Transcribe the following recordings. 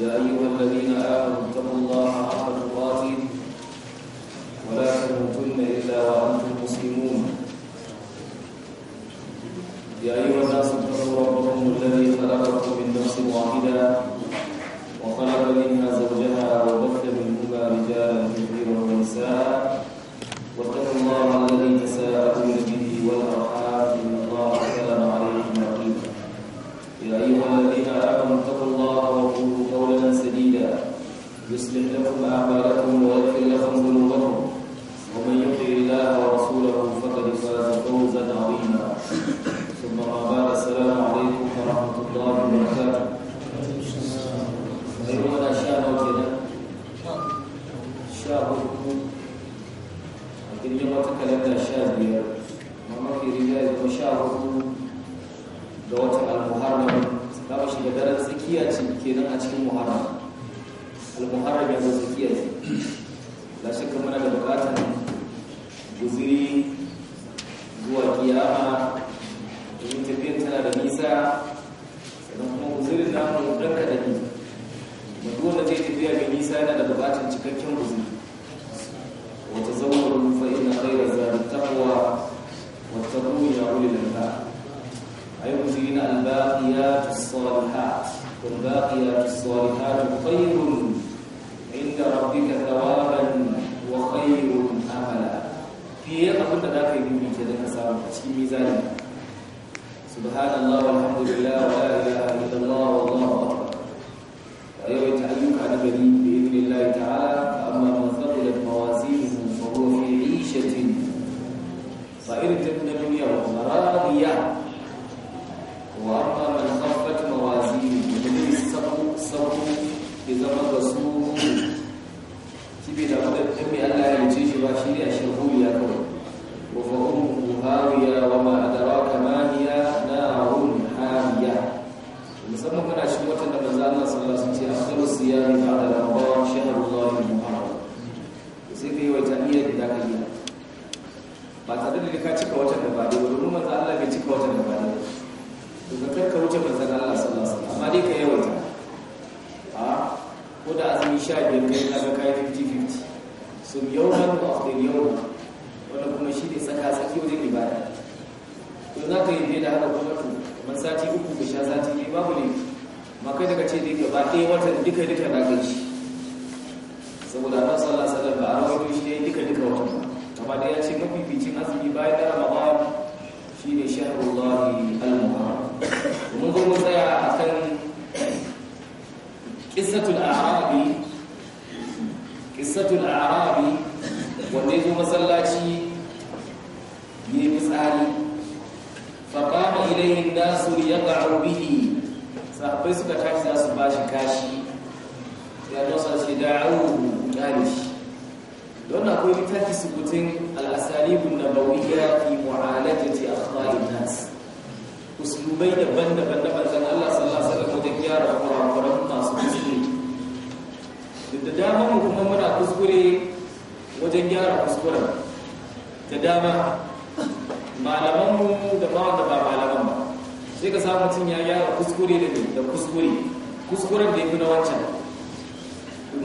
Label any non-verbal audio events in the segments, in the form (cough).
يا أيها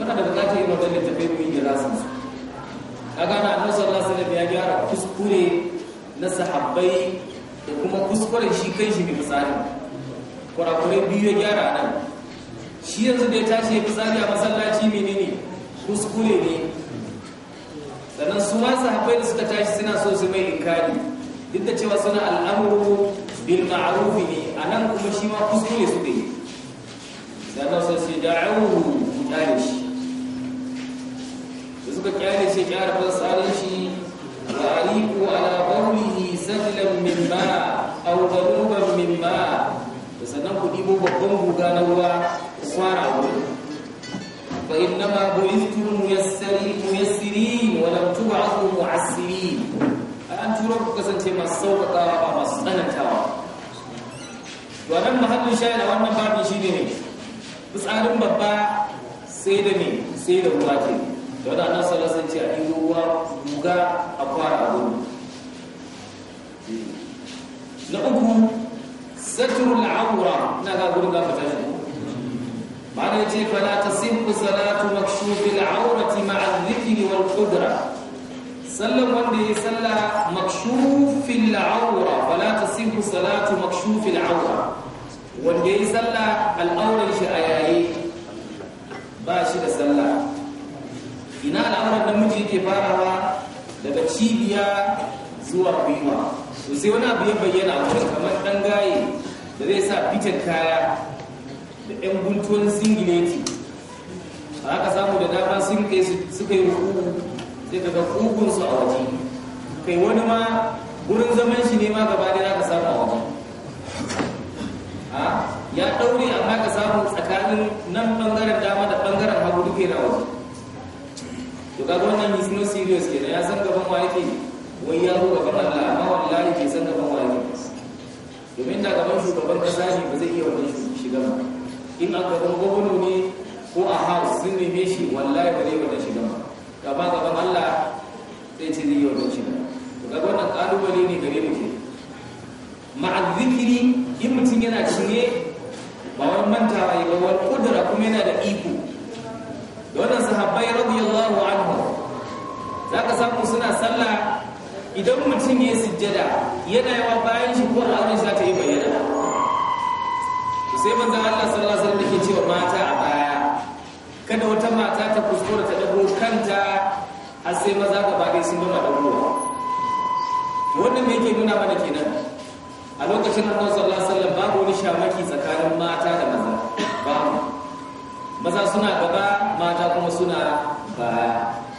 muna da bukatar yin wajen littafai mu yi sun su ka gana a sallallahu alaihi wasallam ya gyara kuskure na sahabbai da kuma kuskure shi kai shi ne misali kurakure biyu ya gyara nan shi yanzu da ya tashi ya fitsari a masallaci ne kuskure ne sannan su ma sahabbai da suka tashi suna so su mai inkari duk da cewa suna al'amuru bil ma'arufi ne a nan kuma shi ma kuskure su ne sannan sai mu tare shi da suka kyale shi ya rafa tsarin shi tariku ala barrihi sajlan min ma aw daruban min ba. da sannan ku dibo babban guga na ruwa fara wuri fa inna ma bu'ithtum muyassirin muyassirin wa lam tub'athu mu'assirin an turo ku kasance masu sauƙaƙawa ba masu tsanantawa to nan mahallin shayi da wannan babin shi ne tsarin babba sai da ne sai da ruwa ke da wadda annan salasan ce a ɗin ruwa guga a kwara gudu na uku saturul aura na ga gudun gafa ta shi ma'ana ya ce fala ta sinku salatu makshufil aurati ma'a zikiri wal kudura sallan wanda ya yi salla makshufil aura fala ta sinku salatu makshufil aura wanda ya yi salla al'auran shi a yayi ba shi da sallah ina al'amuran miji ke farawa daga cibiya zuwa gwiwa to sai wani abu ya bayyana a wurin kamar dan gaye da zai sa fitar kaya da yan guntuwan singileti a haka samu da dama sun kai suka yi sai ka ga su a waje kai wani ma gurin zaman shi ne ma gaba da aka samu a waje ya daure amma ka samu tsakanin nan bangaren dama da bangaren hagu duke na waje to kaga wannan is no serious kenan ya san gaban wa yake wai ya ruwa ga Allah amma wallahi ke san gaban wa yake domin da gaban gaban kasa ne ba zai iya wannan shiga ba in a gaban gwamnati ne ko a house sun me shi wallahi ba zai wannan shiga ba gaba gaban Allah zai ce zai iya wannan shiga to kaga wannan kalubale ne gare mu ke ma'a zikiri in mutum yana cinye ba wani manta ya ba wani kudura kuma yana da iko wannan sahabbai radiyallahu anhu zaka samu suna sallah idan mutum ya sujjada yana yawa bayan shi ko abin shi ta yi bayyana sai manzo Allah sallallahu alaihi wasallam yake cewa mata a baya kada wata mata ta kuskura ta dago kanta har sai maza gaba dai sun gama dagowa wannan me yake nuna mana kenan a lokacin annabi sallallahu alaihi wasallam babu wani shamaki tsakanin mata da maza maza suna gaba mata kuma suna ba.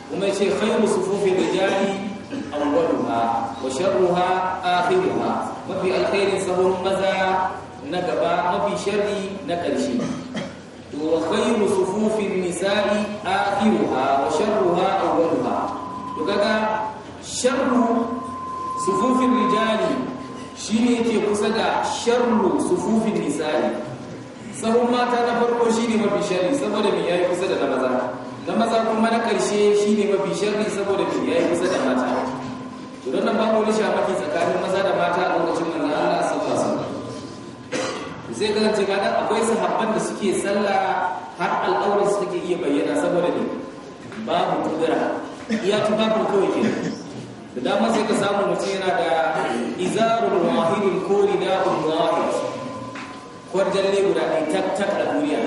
kuma yace khairu sufufi rijali awwaluha wa sharruha akhiruha mafi alkhairin sahun maza na gaba mafi sharri na ƙarshe to wa khairu sufufin nisa'i akhiruha wa sharruha awwaluha to kaga sharru sufufin rijali shine yake kusa da sharru sufufin nisa'i sahun mata na farko ne mafi shari saboda me yayi kusa da maza na maza kuma na karshe ne mafi shari saboda me yayi kusa da mata to don nan babu wani shamaki tsakanin maza da mata a lokacin manzon Allah sallallahu alaihi wasallam sai ga ce ga akwai sahabban da suke sallah har al'aurar su take iya bayyana saboda ne babu kudura iya babu kawai ke da dama sai ka samu mutum yana da izarul wahidin ko rida'ul wahid ko jalle guda ɗaya tak tak a duniya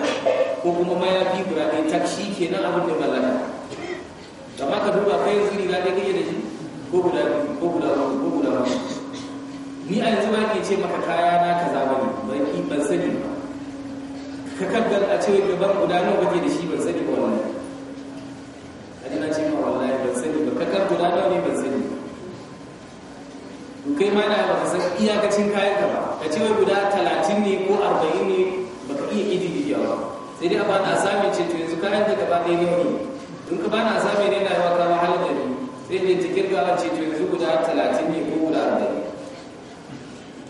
ko kuma mayafi guda ɗaya tak shi ke nan abin da mallaka amma ka duba kai yanzu riga ɗaya kake da shi ko guda biyu ko guda uku ko guda uku ni a yanzu ba ke ce maka kaya na ka ba ne ban ban sani ba ka kabbar a ce ban guda nawa kake da shi ban sani ba wallahi aji na ce ma wallahi ban sani ba kar guda nawa ne ban sani ba kai ma na ba ka san iyakacin kayan ka ba ka ce guda talatin ne ko arba'in ne ka iya ididi ba sai dai a bani asami ce to yanzu kayan da gaba ɗaya ne ne in ka bani asami ne na yawa kama halin da ne sai dai ta girgawa ce to yanzu guda talatin ne ko guda arba'in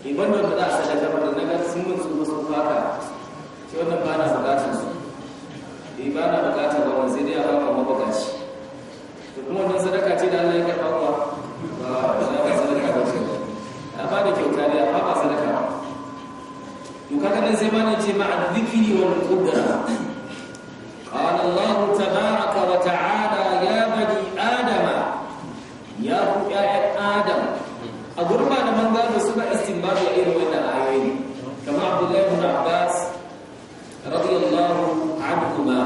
iban eh, da za a sadaka ba da na gan sun mun su su faka ce wannan bana a bukatar su ba na bukatar eh, wani sai dai a ba ma bukaci to kuma wannan sadaka ce da Allah ya karɓa haka nan da mana ce ma'a dhikri wal qudra qala Allah tabaaraka ya bani adama ya ku ya'yan a gurin malaman gado ba istinbabi a irin wannan ayoyi kama Abdullahi ibn Abbas radiyallahu anhuma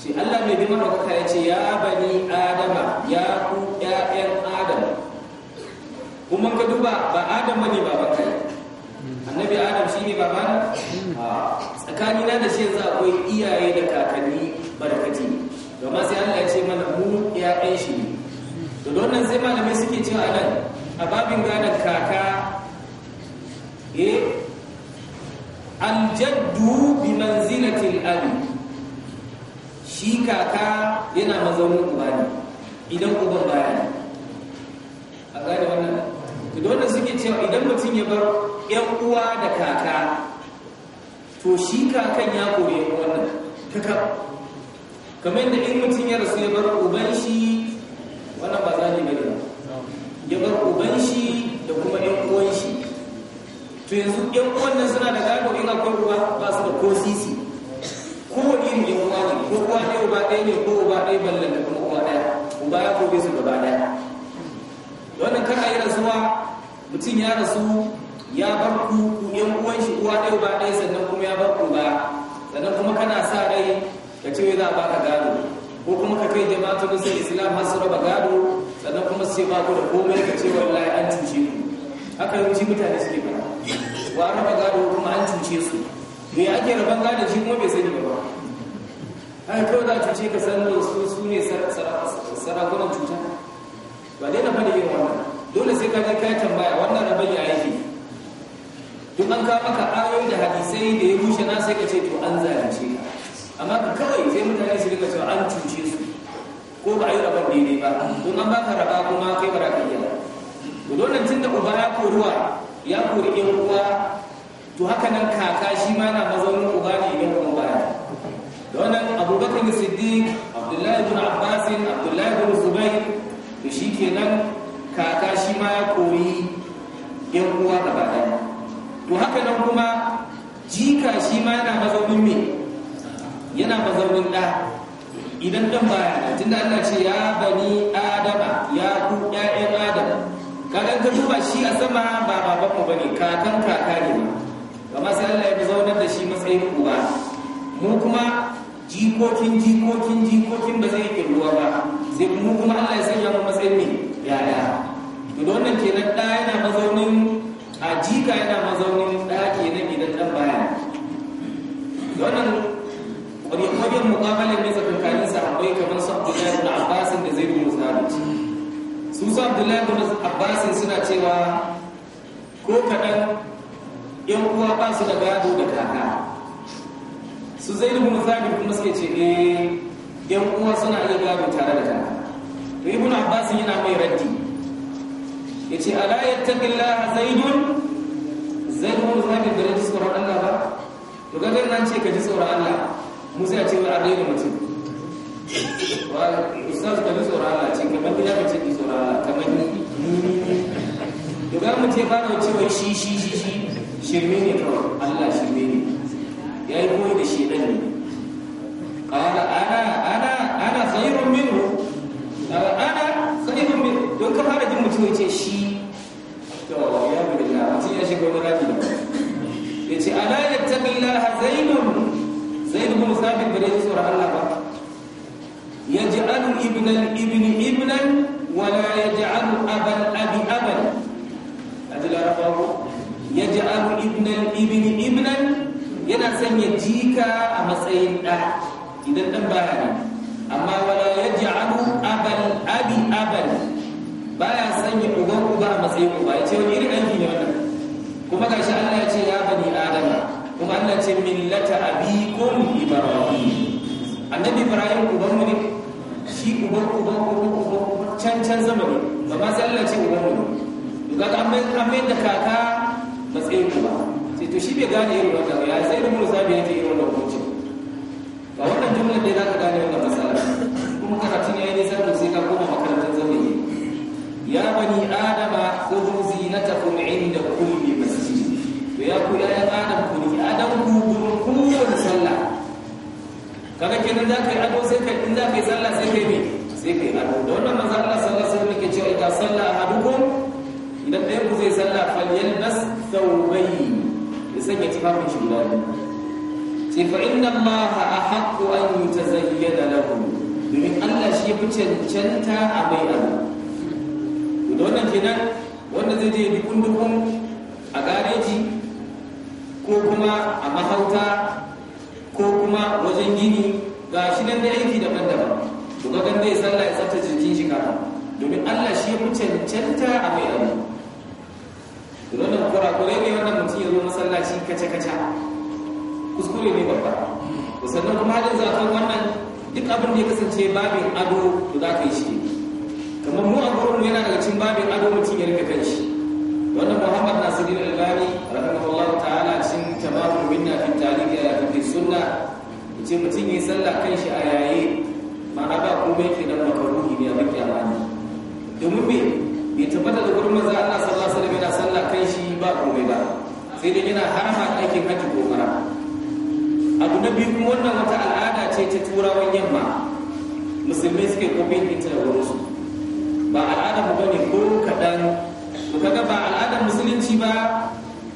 ce Allah mai bi madaukaka ya ce ya bani adama ya ku ya'yan adam kuma ka duba ba adama ne ba kai. annabi adam shi ne tsakani ah, tsakanina da shi yanzu akwai iyaye da kakanni barkati gama sai Allah ya ce mana mu ƴaƴan shi ne to don nan sai malamai suke cewa nan a babin gadon kaka eh aljaddu bi manzilatil abi shi kaka yana mazaunin uba ne idan uban baya a gane wannan to dole suke cewa idan mutum ya bar yan uwa da kaka to shi kakan ya koyi wannan kaka kamar da in mutum ya rasu ya bar uban shi wannan ba za bane ba ya bar uban shi da kuma yan uwan shi to yanzu yan uwan nan suna da gado in akwai uba ba su da ko sisi ko irin yan uwa ne ko uwa ɗaya uba ɗaya ne ko uba ɗaya ballan da kuma uwa ɗaya uba ya kobe su gaba ɗaya wannan kana yi rasuwa mutum ya rasu ya bar ku ku yan uwan shi uwa ɗaya ba ɗaya sannan kuma ya bar ku ba sannan kuma kana sa rai ka ce za a baka gado ko kuma ka kai ta nusar islam har su raba gado sannan kuma ce ba ku da komai ka ce wallahi an cuce ku haka yawanci mutane suke fara wa raba gado kuma an cuce su me ake raban gado shi kuma bai sani ba ai kawai za a cuce ka san su ne sarakunan cuta ba dai na fadi irin wannan dole sai ka je ka tambaya wannan rabin ya yake duk an kawo maka ayoyi da hadisai da ya rushe na sai ka ce to an zalunce ka amma ka kawai sai mutane su rika cewa an cuce su ko ba a yi rabon daidai ba don an baka raba kuma kai ba raka ka iya to dole tun da uba ya koruwa ya kori yan uwa to haka nan kaka shi ma na mazaunin uba ne idan kuma ba da wannan abubakar siddiq abdullahi bin abbasin abdullahi bin zubair kenan kaka shi ma ya koyi yan uwa gaba ɗaya to haka nan kuma jika shi ma yana mazaunin me yana mazaunin ɗa idan ɗan ba da tunda Allah ce ya bani adama ya ku ƴaƴan adama kaga ka duba shi a sama ba baban mu bane kakan kaka ne ba amma sai Allah ya zaunar da shi matsayin uba mu kuma jikokin jikokin jikokin ba zai ruwa ba sai kuma kuma Allah ya sanya mu matsayin ne yaya to da wannan kenan da yana mazaunin a jika yana mazaunin da kenan idan dan baya wannan wani kwabin muqabalin ne sa akwai kamar su Abdullahi ibn Abbas da Zaid ibn Thabit su su Abdullahi ibn Abbas suna cewa ko kadan yan uwa ba su da gado da kaka su zai da kuma kuma suke ce ne eh, yan uwa suna iya gado tare da jama'a to ibn abbas yana mai raddi yace ala yattaqillaha zaidun zaid ibn zaid da raddi tsoron Allah ba to kaga nan ce ka ji tsoron Allah sai a ce wa adai da mutum wa ustaz ka ji tsoron Allah ce kamar gida ka ce ki tsoron Allah kamar ni to ga mu ce ba na cewa shi shi shi shi shirme ne kawai Allah shirme ne ya yi koyi da shi ɗan ne ƙara ana ana ana tsayirin minu ana tsayirin minu don ka fara jin mutum ya ce shi to ya bi billah mutum ya shiga wani rafi da ba ya ce ala ya taɓi laha zainun zainun kuma sabin da ya tsoron allah ba ya ji alun ibnan ibni ibnan wala ya ji alun aban abi aban a ji larabawa ya ji alun ibnan ibni ibnan yana sanya jika a matsayin ɗa idan ɗan baya ne amma wala ya ji abu abal abi abal baya sanya ya uba a matsayin uba ya ce wani irin aiki ne wannan kuma ga shi Allah ya ce ya bani adama kuma Allah ce millata abikum ibrahim annabi ibrahim uban mu ne shi uban uban uban uban can can ne ba ma sai Allah ce uban mu ne to kaga an mai da kaka matsayin uba sai to shi bai gane irin wannan ya sai da mun zabi yake irin wannan hukunci ga wannan jumlar dai zaka gane wannan masala kuma karatun yi ne sai sai ka koma makarantar zamani ya bani adama khudhu zinatakum inda kulli masjid to ya ku ya adam ku ni adam ku gurin kowace sallah kaga kenan zaka yi ado sai ka sallah sai kai me sai kai ado da wannan manzo Allah sallallahu alaihi wasallam yake cewa sallah ahadukum idan ɗayan ku zai sallah falyalbas ya sanya tufafin shugabi ce fa inna a haƙo an da lahu domin Allah shi fi cancanta a mai abu to da wannan kenan wanda zai je dukun dukun a gareji ko kuma a mahauta ko kuma wajen gini ga shi nan da aiki daban-daban to ga zai sallah ya tsabta jikin shi kafin domin Allah shi fi cancanta a mai abu kurakurai ne wannan mutum ya zo masallaci kace-kace kuskure ne babba to sannan kuma da zaton wannan duk abin da ya kasance babin ado to za ka yi shi kamar mu a gurin yana daga cikin babin ado mutum ya rika kanshi shi wannan muhammad nasirin albani rahimahullahu ta'ala cikin tamamul minna fi tarihi ya fi sunna ce mutum ya sallah kanshi a yaye ma'ana ba komai da makaruhi ne a abin kyamani domin me bai tabbata da gurin maza Allah sallallahu alaihi wasallam yana sallah kai shi ba komai ba sai dai yana harama aikin haji ko mara abu na biyu kuma wannan wata al'ada ce ta turawan yamma musulmai suke kofin ita da wurinsu ba al'adar mu bane ko kadan ku kaga ba al'adar musulunci ba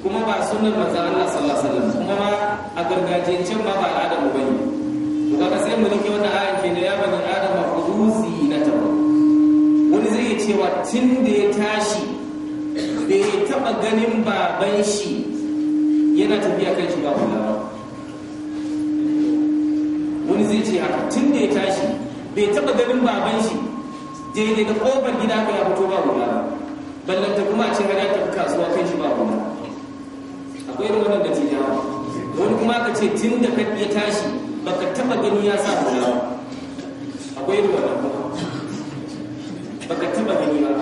kuma ba sunnar manzo Allah sallallahu alaihi wasallam kuma ma a gargajiyancin ma ba al'adar mu bane to kaga sai mu rike wannan ayan da ya bani adama cewa tun da ya tashi bai taɓa ganin baban shi yana tafiya kan shi ba kula ba wani zai ce haka tun da ya tashi bai taɓa ganin baban shi daidai da kofar gida ka ya fito ba kula ba ballanta kuma a ce hana tafi kasuwa kan shi ba kula akwai irin wannan dattijawa wani kuma ka ce tun da ya tashi baka taɓa gani ya sa kula ba akwai irin wannan kuma baka taba gani ba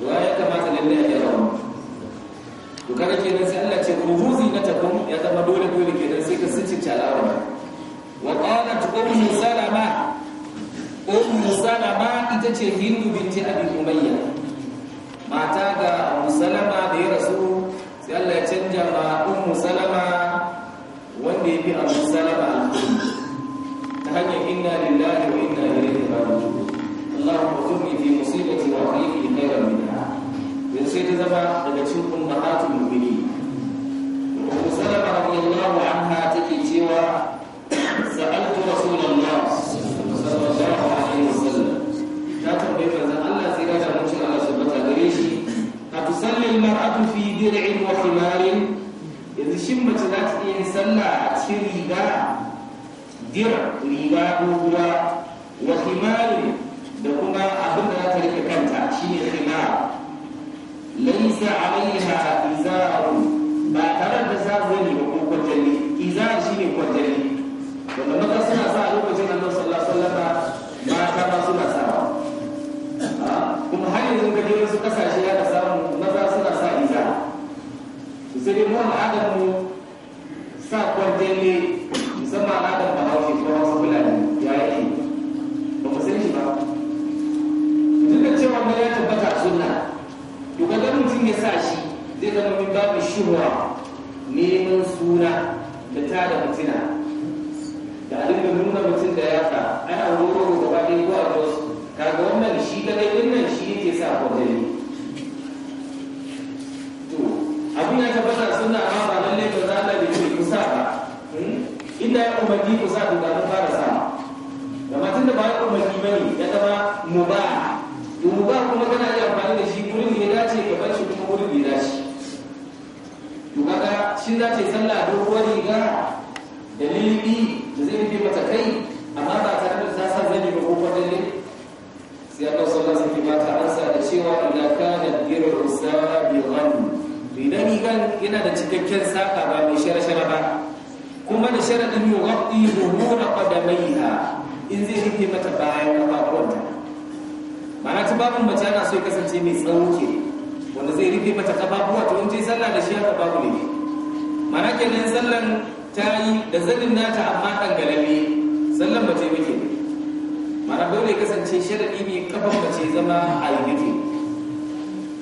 wa ya kamata lalle a gyara mu to ke kenan sai Allah ce ruhu zinatakum ya zama dole dole kenan sai ka sace al'aura wa qalat ummu salama ummu salama ita ce hindu binti abi umayya mata ga musalama da ya rasu sai Allah ya canja ma ummu salama wanda ya fi abu salama ta hanyar inna lillahi ta zama daga cikin ummahatul mu'minin ummu salama radiyallahu anha take cewa sa'altu rasulullah sallallahu alaihi wasallam ta tambaye manzo Allah sai ya ta mutu Allah subhanahu gare shi tusalli al-mar'atu fi dir'in wa khimarin yanzu shin mace za ta yi yin sallah a cikin riga dir riga doguwa wa khimarin da kuma abin da za ta rike kanta shine khimar laisa alaiha izaru ba tare da za su ne ba kuma izar shi ne kwatanni wanda maka suna sa a lokacin annabi sallallahu alaihi wasallam mata ba suna sa ba kuma har yanzu ka je wasu kasashe ya ka samu maza suna sa izar sai dai mu al'adar mu sa kwatanni musamman al'adar hausa ko wasu fulani ya yake ba mu san shi ba duk da cewa ya tabbata sunna to ga ganin mutum ya sa shi zai zama min babu shuhura neman suna da ta da mutuna da abin da nuna mutum da yaka ana wuro gaba ɗaya ko a jos kaga wannan shi kadai ɗin nan shi yake sa kwajali to abin ya tabbata suna a ba lalle ba za a da ku sa ba hmm? inda ya umarni ku sa to ga fara sa da tun da ba ya umarni bane ya zama mubah ba kuma kana iya amfani da shi wurin ne ya dace ka bar shi kuma wurin ne ya dace to kaga shi za ta yi sallah doguwar riga da lilibi da zai rufe mata kai amma ba ta da ta sa zai ba ko sai Allah sallallahu alaihi wasallam ba ansa da cewa idan kana dirru sabiqan idan rigan yana da cikakken saka ba mai shara-shara ba kuma da sharadin yughaddi zuhura qadamaiha in zai rufe mata bayan kafafuwanta mana babin mace ana so ya kasance mai tsawo ke wanda zai rufe mata kafafuwa to in sallah da shi haka babu ne mana kenan sallan ta yi da zanin nata amma galabi sallan mace muke mana dole kasance sharadi ne kafan mace zama a yi nufi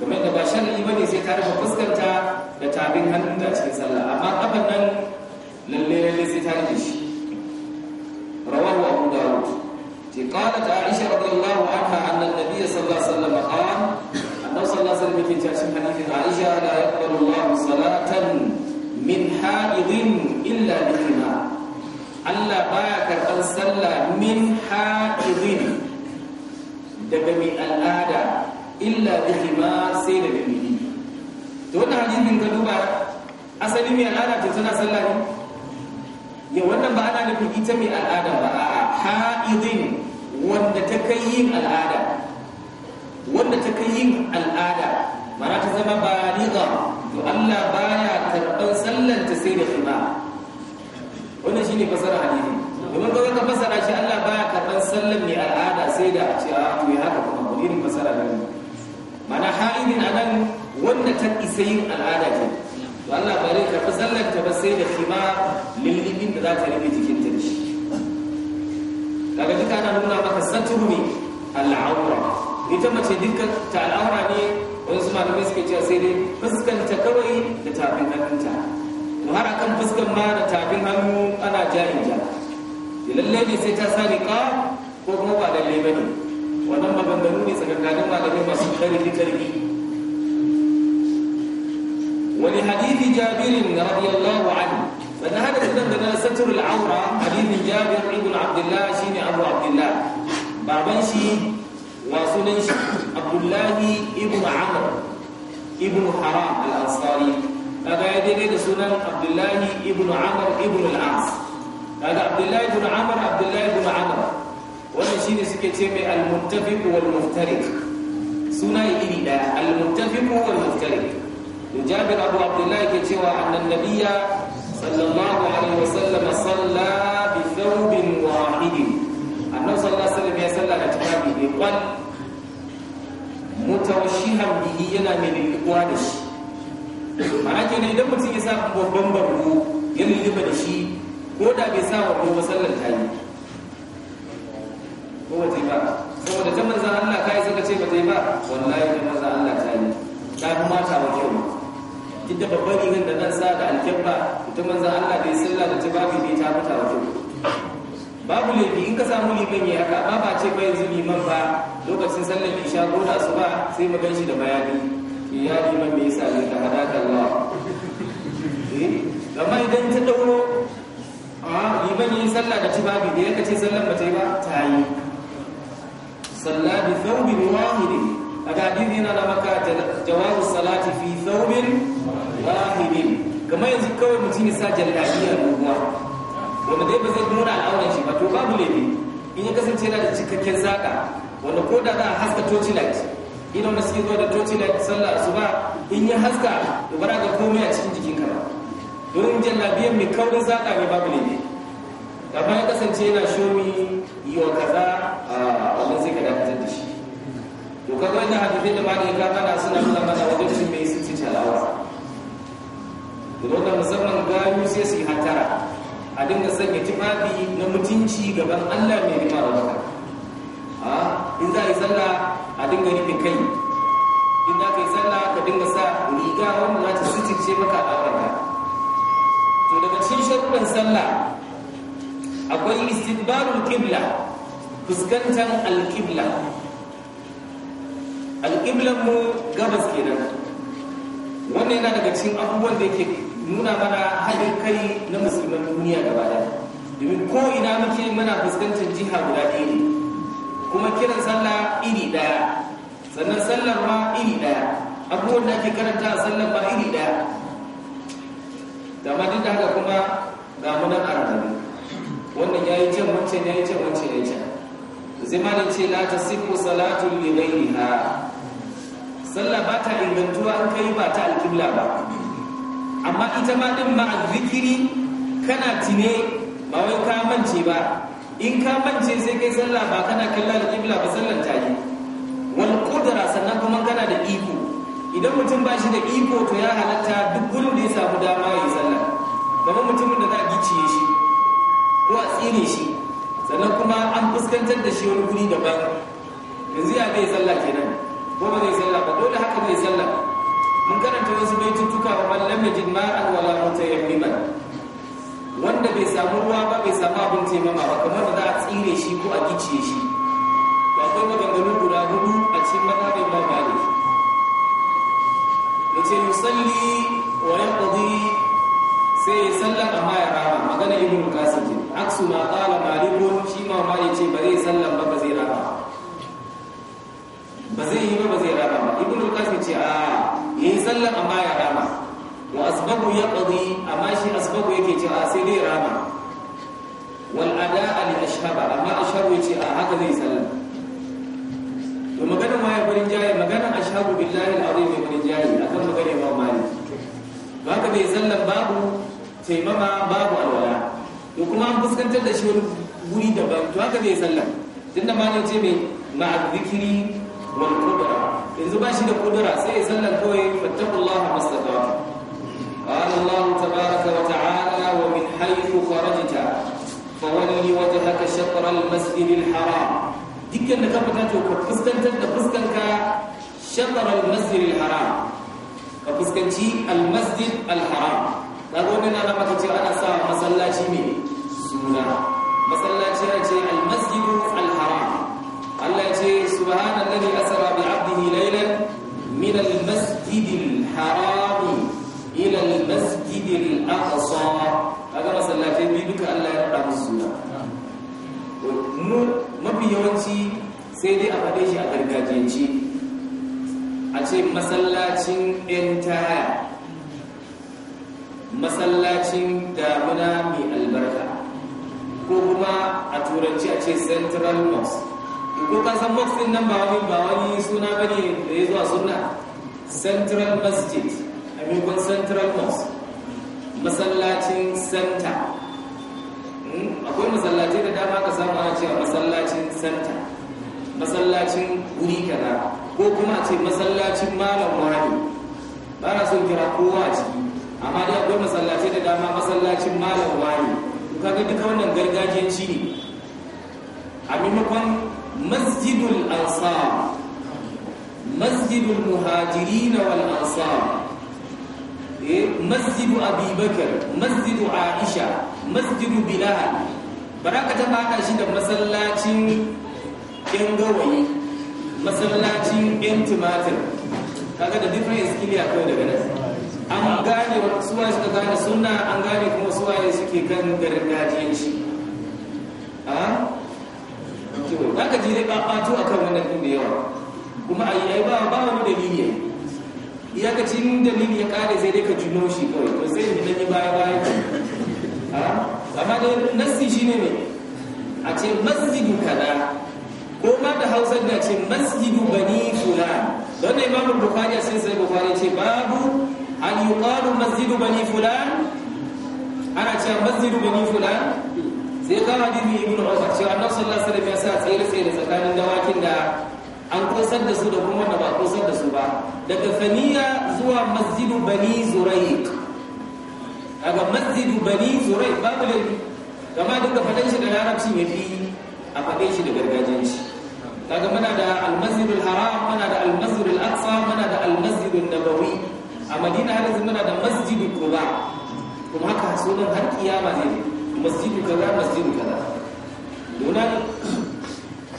kamar da ba sharadi ne sai ta rufe fuskanta da hannun da cikin sallah amma kafan nan lalle lalle sai ta rufe shi قالت عائشة رضي الله عنها أن النبي صلى الله عليه وسلم قال أنه صلى الله عليه وسلم في حديث عائشة لا يقبل الله صلاة من حائض إلا بحمار Allah baya karɓar sallah min haɗirin daga mai al'ada illa bihima sai da dalili to wannan hadisin ka duba asali mai al'ada to tana ya wannan ba ana nufin ita mai al'ada ba a haɗirin wanda ta kai yin al'ada wanda ta kai yin al'ada mana ta zama baliga to Allah baya karɓar ta sai da khima wannan shine fasara hadisi domin ba ka fasara shi Allah baya karɓar sallan mai al'ada sai da ce a ah, to ya haka kuma wani irin fasara ne mana haidin anan wanda ta isa yin al'ada ce to Allah bare karɓar ta ba sai da khima lillibin da za ta rike jikinta daga duka ana nuna maka satru ne al'aura ita mace duka ta al'aura ne wani su malamai suke cewa sai dai fuskanta kawai da tafin hannunta har akan fuskan ma da tafin hannu ana jayin ja lallai ne sai ta sa riƙa ko kuma ba lallai ba ne wannan maganganu ne tsakankanin malamai masu karfi karfi wani hadithi jabirin radiyallahu anhu sannan hada su dangana satur al'aura hadithin jabir ibn abdullah shine abu abdullah baban shi wa sunan shi abdullahi ibn amr ibn haram al-ansari kaga ya daidai da sunan abdullahi ibn amr ibn al-as kaga abdullahi ibn amr abdullahi ibn amr wannan shine suke ce mai al-muttafiq wal muftariq suna iri daya al-muttafiq wal muftariq jabir abu abdullahi ke cewa annan nabiyya صلى الله عليه وسلم صلى بثوب واحد النبي صلى الله عليه وسلم يصلى أتبابه قل yana به ينا da الإقوانش ma'ana kenan idan mutum ya sa babban barko ya lulluba da shi ko da bai sa babban sallar ta yi ko ba ta yi ba saboda ta manzan Allah ka yi suka ce ba ta yi ba wallahi ta manzan Allah ta yi ta fi mata wa kyau ita babban rigar da zan sa da alkyabba ita manzan Allah da ya sallah da babu ne ta fita wa kyau babu laifi in ka samu liman ya haka ba ba ce ba yanzu liman ba lokacin sallar isha ko da su ba sai mu gan shi da bayani ya liman me yasa ne ka hada da Allah eh, amma idan ta dauro a liman yi sallah da tubabi da ya kace sallar ba ta yi ba ta yi sallah bi thawbin wahidin a hadisi yana da maka jawazu salati fi thawbin wahidin kamar yanzu kawai mutum ya sa jallabiya ruwa wanda dai ba zai nuna al'auran shi ba to babu laifi in ya kasance yana da cikakken zaka wanda ko da za a haska light ina wanda suke zuwa da light sallah su ba in ya haska to bara ga komai a cikin jikinka ba domin jallabiyan mai kaurin zaka mai babu laifi amma ya kasance yana shomi yi wa kaza a wannan sai ka dakatar da shi to kaga wannan da ma da ya kama na suna nuna mana wajen shi mai sun ci talawa domin da musamman gayu sai su yi hatara a dinga sanya tufafi na mutunci gaban Allah mai rima da maka? a in za a yi sallah a dinga rufe kai in za ka yi sallah ka dinga sa riga wanda za ta sutice maka aurenka. to daga cikin sharuɗan sallah akwai istibarun kibla fuskantar alkibla alkiblan mu gabas kenan wannan yana daga cikin abubuwan da yake nuna mana haɗin kai na musulman duniya gaba ɗaya domin ko ina muke mana fuskantar jiha guda ɗaya ne kuma kiran sallah iri ɗaya sannan sallar ma iri ɗaya abubuwan da ake karanta a sallar ma iri ɗaya dama duk da haka kuma ga munan arabu wannan ya yi can wancan ya yi can wancan ya yi can zai ma da ce la ta siku salatun li ha sallah ba ta ingantuwa an kai ba ta alƙibla ba amma ita ma din ma zikiri kana tine ba wai ka mance ba in ka mance sai kai sallah ba kana kalla da kibla ba sallar ta yi wal qudra sannan kuma kana da iko idan mutum ba shi da iko to ya halatta duk gurin da ya samu dama ya yi sallah kamar mutumin da za a giciye shi ko a tsire shi sannan kuma an fuskantar da shi wani guri daban yanzu ya bai sallah kenan ko ba zai sallah ba dole haka zai sallah In karanta wasu baitutuka wa man lam yajid ma'an wala mutayammiman wanda bai samu ruwa ba bai samu abin taimama ba kamar da za a tsire shi ko a gice shi to akwai maganganu guda hudu a cikin mazhabin Da Malik yi yusalli wa yanqadi sai ya sallan ma ya rama magana Ibn Qasim ce aksu ma ƙara Malik shi ma ya ce ba zai sallan ba ba zai rama ba zai yi ba ba zai rama ba Ibn Qasim ce a Sallan amma ya rama wa asbabu ya qadi amma shi asbabu yake cewa sai dai rama wal ada'a li ashhaba amma ashhabu yace a haka zai sallan. to magana ma ya farin jaye magana ashhabu billahi al-azim ya farin jaye akan magana ma mali ba ka bai sallan babu taimama babu alwala to kuma an fuskantar da shi wani guri daban to haka zai sallan tunda ma ne ce mai ma'a zikiri wal qudra yanzu ba shi da qudra sai ya sallar kawai fattaqullaha a qala Allah tabaaraka wa ta'ala wa min haythu kharajta fawalli wajhaka shatr al masjid al haram dukkan da ka fita to ka fuskantar da fuskanka shatr al masjid haram ka fuskanci al masjid al haram kaga ana masallaci ne masallaci ce Allah ya ce subhanallazi asra bi 'abdihi laylan min al-masjidil haram ila al-masjidil aqsa kaga masallatai bi duka Allah ya rada musu mu mafi yawanci sai dai a faɗe shi a gargajiyanci a ce masallacin 'yan taya masallacin damuna mai albarka ko kuma a turanci a ce central mosque ko ka san mosque din nan ba wani ba wani suna bane da ya zuwa sunna central masjid a maimakon central mosque masallacin center hmm? akwai masallaci da dama ka samu ana cewa masallacin center masallacin guri kaza ko kuma a ce masallacin malam wani ba na son kira kowa ci amma dai akwai masallaci da dama masallacin malam wani kaga duka wannan gargajiyanci ne a maimakon masjidul ansar masjidul muhajirin wal ansar eh, masjidu abubakar masjidu aisha masjidu bilal baraka ta bada shi da masallacin yan gawayi masallacin yan tumatir kaga da difference kiliya kawai daga nan an gane suwa suka gane sunna an gane kuma suke kan gargajiyanci a ah? zaka ji dai babatu kan wannan din da yawa kuma a ai ba ba wani dalili ya ai iyakacin dalili ya kare sai dai ka juno shi kawai to sai mu dani baya baya ha amma dai nassi shine ne a ce masjidu kada ko ma da Hausa da ce masjidu bani fula don ne imamu bukhari sai sai bukari ce babu an yuqalu masjidu bani fula ana cewa masjidu bani fula sai ka hadisi ibnu umar cewa annabi sallallahu alaihi wasallam ya sa tsere tsere tsakanin dawakin da an kunsar da su da kuma wanda ba kunsar da su ba daga saniya zuwa masjidu bani zuraid daga masjidu bani zuraid mu laifi gama duka faɗin shi da larabci ya fi a faɗin shi da gargajiyanci daga muna da almasjidul haram muna da almasjidul aqsa muna da almasjidul nabawi a madina har yanzu muna da masjidul quba kuma haka sunan har kiyama zai masjidu kaza masjidu kaza munan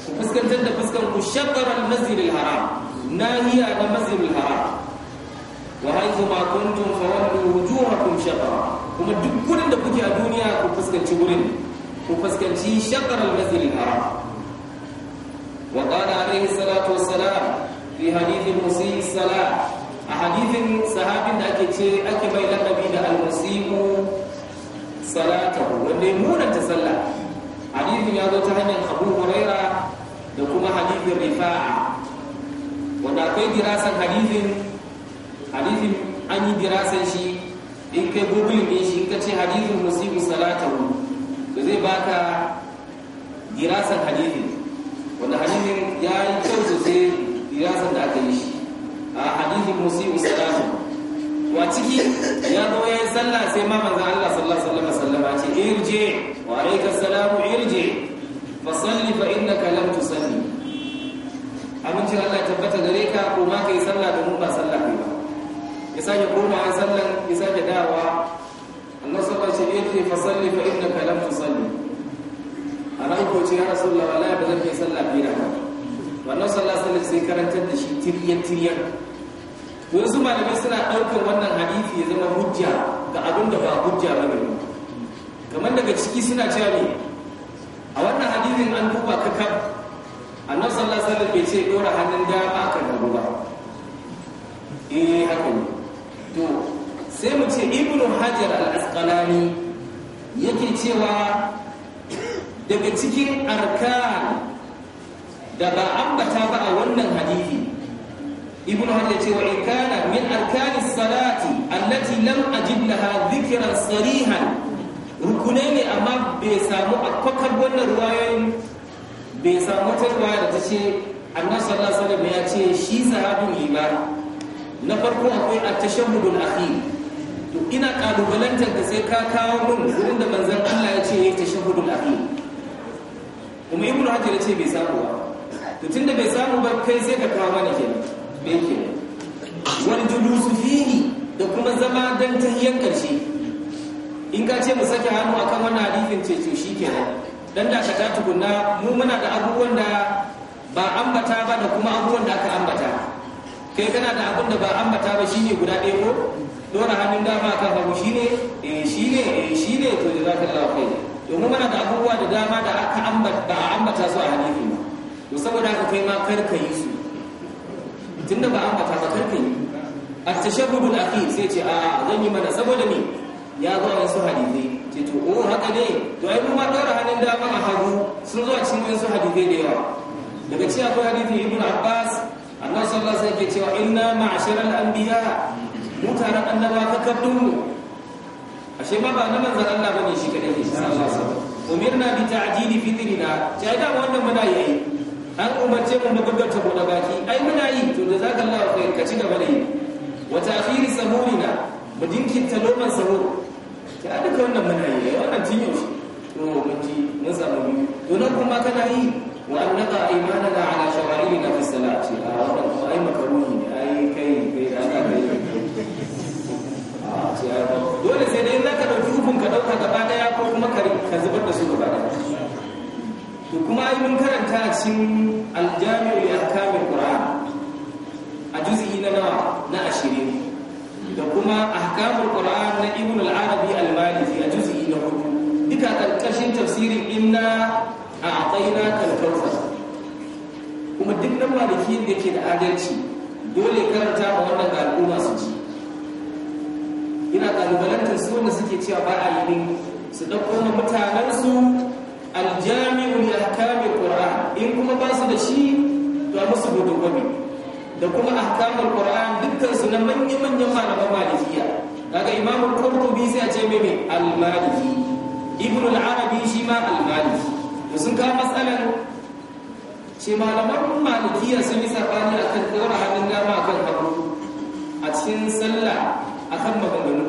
ku fuskantar da fuskan ku shaqara al-masjid al-haram nahiya da masjid al-haram wa haythu ma kuntum fawallu wujuhakum shaqara kuma duk gurin da kuke a duniya ku fuskanci gurin ku fuskanci shaqara al haram wa qala alayhi salatu wassalam fi hadith al-musii salat a hadithin sahabin da ake ce ake mai lakabi da al-musii salatahu wanda ya munanta sallah hadithin ya zo ta hanyar abu huraira da kuma hadithin rifa'a wanda akwai dirasan hadithin hadithin an yi dirasan shi in kai google ne shi in ka ce hadithin musibu salatahu to zai baka dirasan hadithin wanda hadithin ya yi kyau sosai dirasan da aka yi shi a hadithin musibu salatahu wa ciki ya zo ya sallah sai ma manzan Allah sallallahu alaihi wasallam ce irje wa alayka salamu irje fa salli fa innaka lam tusalli amincin Allah tabbata gare ka ko ma kai sallah da mu ba sallah kai ba ya sake an sallan ya sake dawowa Allah sallallahu alaihi wasallam ce fa salli fa innaka lam tusalli a ranko ce ya rasulullah wallahi ba zan kai sallah bi ba ka wannan sallah sallah sai karantar da shi tiryan tiryan wasu malamai suna ɗaukar wannan hadisi ya zama hujja ga abin da ba hujja ba ne kamar daga ciki suna cewa ne a wannan hadisin an duba kan annabi sallallahu alaihi wasallam bai ce dora hannun ba kan hagu ba eh haka ne to sai mu ce ibnu hajar al-asqalani yake cewa daga cikin arkan da ba ambata ba a wannan hadisi ibn hajar ce wa in kana min arkani salati allati lam ajid laha dhikran sarihan rukune ne amma bai samu akwakar wannan ruwayoyin bai samu wata ruwaya da ta ce annabi sallallahu alaihi wasallam ya ce shi sahabin ibara na farko akwai at-tashahhudul akhir to ina kalubalantar da sai ka kawo mun wurin da manzon Allah ya ce yayi tashahhudul akhir kuma ibnu hajar ya ce bai samu ba to tunda bai samu ba kai sai ka kawo mana kenan bekin wani julusu fihi da kuma zama don tahiyyar karshe in ka ce mu sake hannu a wannan hadisin ce to shi ke nan. dan da ka tukunna mu muna da abubuwan da ba ambata ba da kuma abubuwan da aka ambata kai kana da abun da ba ambata ba shine guda ɗaya ko dora hannun dama kan hagu shine eh shine eh shine to jazakallahu khair to mu muna da abubuwa da dama da aka ambata ba ambata su a hadisi ba saboda haka kai ma kar ka yi su Tun da ba an bata ba karfe a tashabbudul akhi sai ce a zan yi mana saboda ni ya zo a su hadisi ce to oh haka ne to ai kuma daura hannun da ba a hagu sun zo a cikin su hadisi da yawa daga cikin akwai hadisi ibnu abbas annabi sallallahu alaihi wasallam yake cewa inna shirar anbiya mu taron annaba ka kaddun ashe ma ba na manzon Allah bane shi kadai ne sallallahu alaihi wasallam umirna bi ta'jili fitrina ta da wannan muna yayi an umarce mu mu gaggauta buɗe baki ai muna yi to da zaka Allah ya kai ka ci gaba da yi wa ta'khiri sahurina mu ta loman sahur ta duka wannan muna yi wannan tinyo to mun ji mun samu biyu to na kuma kana yi wa annaka imanana ala shara'ina fi salati a wannan kuma ai makaruhi ne ai kai kai da ka kai dole sai dai zaka dauki hukunka dauka gaba daya ko kuma ka zubar da su gaba daya to kuma yi mun karanta a cikin aljami'u ya kamar qur'an a juz'i na nawa na ashirin da kuma ahkamul qur'an na ibn al al-maliki a juz'i na hudu duka ƙarƙashin tafsirin inna a kal-kawthar kuma duk nan maliki da ke da adalci dole karanta ma wannan al'umma su ci. ina kalubalantar su wanda suke cewa ba a yi su ɗauko na mutanensu aljami'u li kame qur'an in kuma ba su da shi to musu gobe-gobe. da kuma ahkamul qur'an dukkan su na manyan manyan malaman malikiya daga imamul qurtubi sai a ce mai al-maliki ibn al-arabi shi ma al-maliki sun ka matsalan ce malaman malikiya sun yi sabani akan dora hannun dama akan hagu a cikin sallah akan maganganu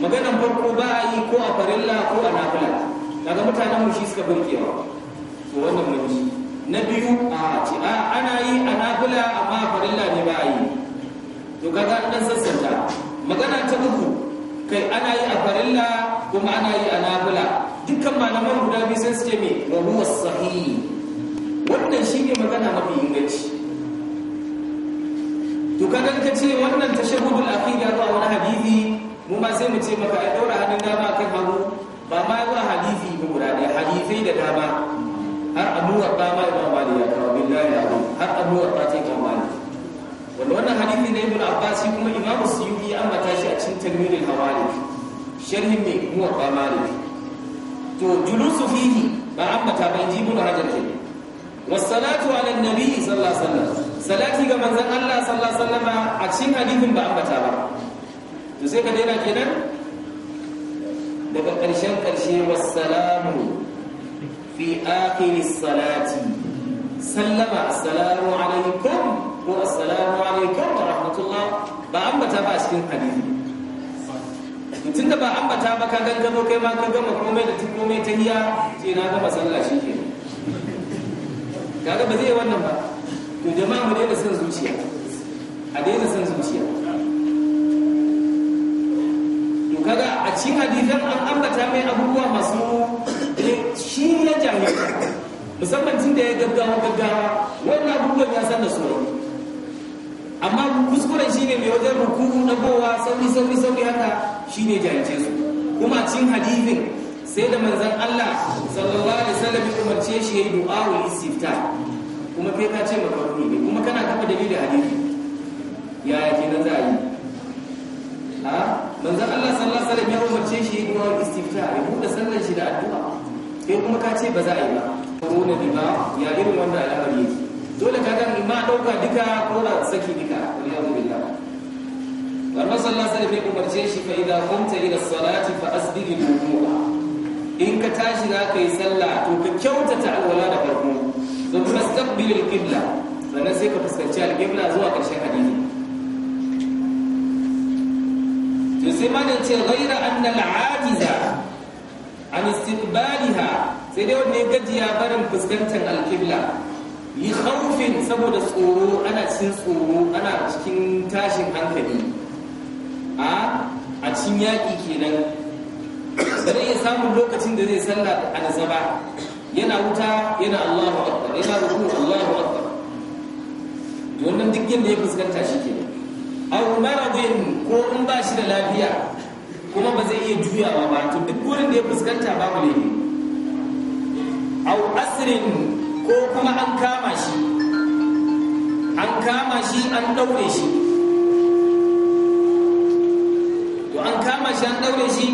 maganan farko ba a yi ko a farilla ko a nafila kaga mutanen mu shi suka burgewa to wannan mun ji na biyu a ce ana yi a nafila amma farilla ne ba yi to kaga an sassanta magana ta uku kai ana yi a farilla kuma ana yi a nafila dukkan malaman guda biyu sai su ce me wa huwa sahih wannan shi ne magana mafi inganci to kaga ka ce wannan tashahhudul aqida ba wani hadisi mu ma sai mu ce maka a daura hannun dama kan hagu ba ma ba hadisi ba guda ɗaya hadisai da dama har abuwa ba ma imam malik ya kawo billahi ya har abuwa ba ta imam malik wanda wannan hadisi na ibn abbas shi kuma imam suyuti ya ambata shi a cikin tanwirul hawalik sharhin mai muwa ba malik to julusu fihi ba ambata ba ji ibn hajar ke wassalatu ala annabi sallallahu alaihi wasallam salati ga manzon Allah sallallahu alaihi wasallam a cikin hadisin ba ambata ba to sai ka daina kenan daga ƙarshen ƙarshe wassalamu fi akhiri salati sallama assalamu alaikum ko assalamu alaikum wa rahmatullah ba ambata ba a cikin hadisi mutum da ba ambata ba ka gangano kai ma ka gama komai da komai ta hiya ce na gama sallah shi ke kaga ba zai wannan ba to jama'a mu daina son zuciya a daina son zuciya kaga a cikin hadisan an ambata mai abubuwa masu shi ya jahilta musamman tun da ya gaggawa gaggawa wannan abubuwan ya san da su amma kuskuren shine mai wajen rukuku dagowa sauri sauri sauri haka shine jahilce su kuma cikin hadisin sai da manzan Allah sallallahu alaihi wasallam ya umarce shi yayi wa istiftah kuma kai ka ce makaruni ne kuma kana kafa dalili da hadisi yaya kenan za a yi manzon Allah sallallahu alaihi wasallam ya umarce shi yin du'a istifta ya buɗe sallar shi da addu'a kai kuma ka ce ba za a yi ba corona bi ba ya irin wanda al'amari yake dole ka ga ma dauka duka ko da saki duka wallahi billah wannan sallallahu alaihi wasallam ya umarce shi fa idza qumta ila salati fa asbigh al-wudu'a in ka tashi za ka yi sallah to ka kyautata alwala da farko zan mustaqbil al-qibla sannan sai ka fuskanci al-qibla zuwa ƙarshen hadisi to sai malam ce ghaira anna al-ajiza an sai dai wanda ya gajiya barin fuskantar alqibla yi khawfin saboda tsoro ana cikin tsoro ana cikin tashin hankali a a cikin yaƙi kenan sai ya samu lokacin da zai sallar alzaba yana wuta yana Allahu akbar yana ruku Allahu akbar to wannan duk yanda ya fuskanta shi kenan aw maradin ko in ba shi da lafiya kuma ba zai iya juyawa ba to duk wurin da ya fuskanta ba ne aw asrin ko kuma an kama shi an kama shi an daure shi to an kama shi an daure shi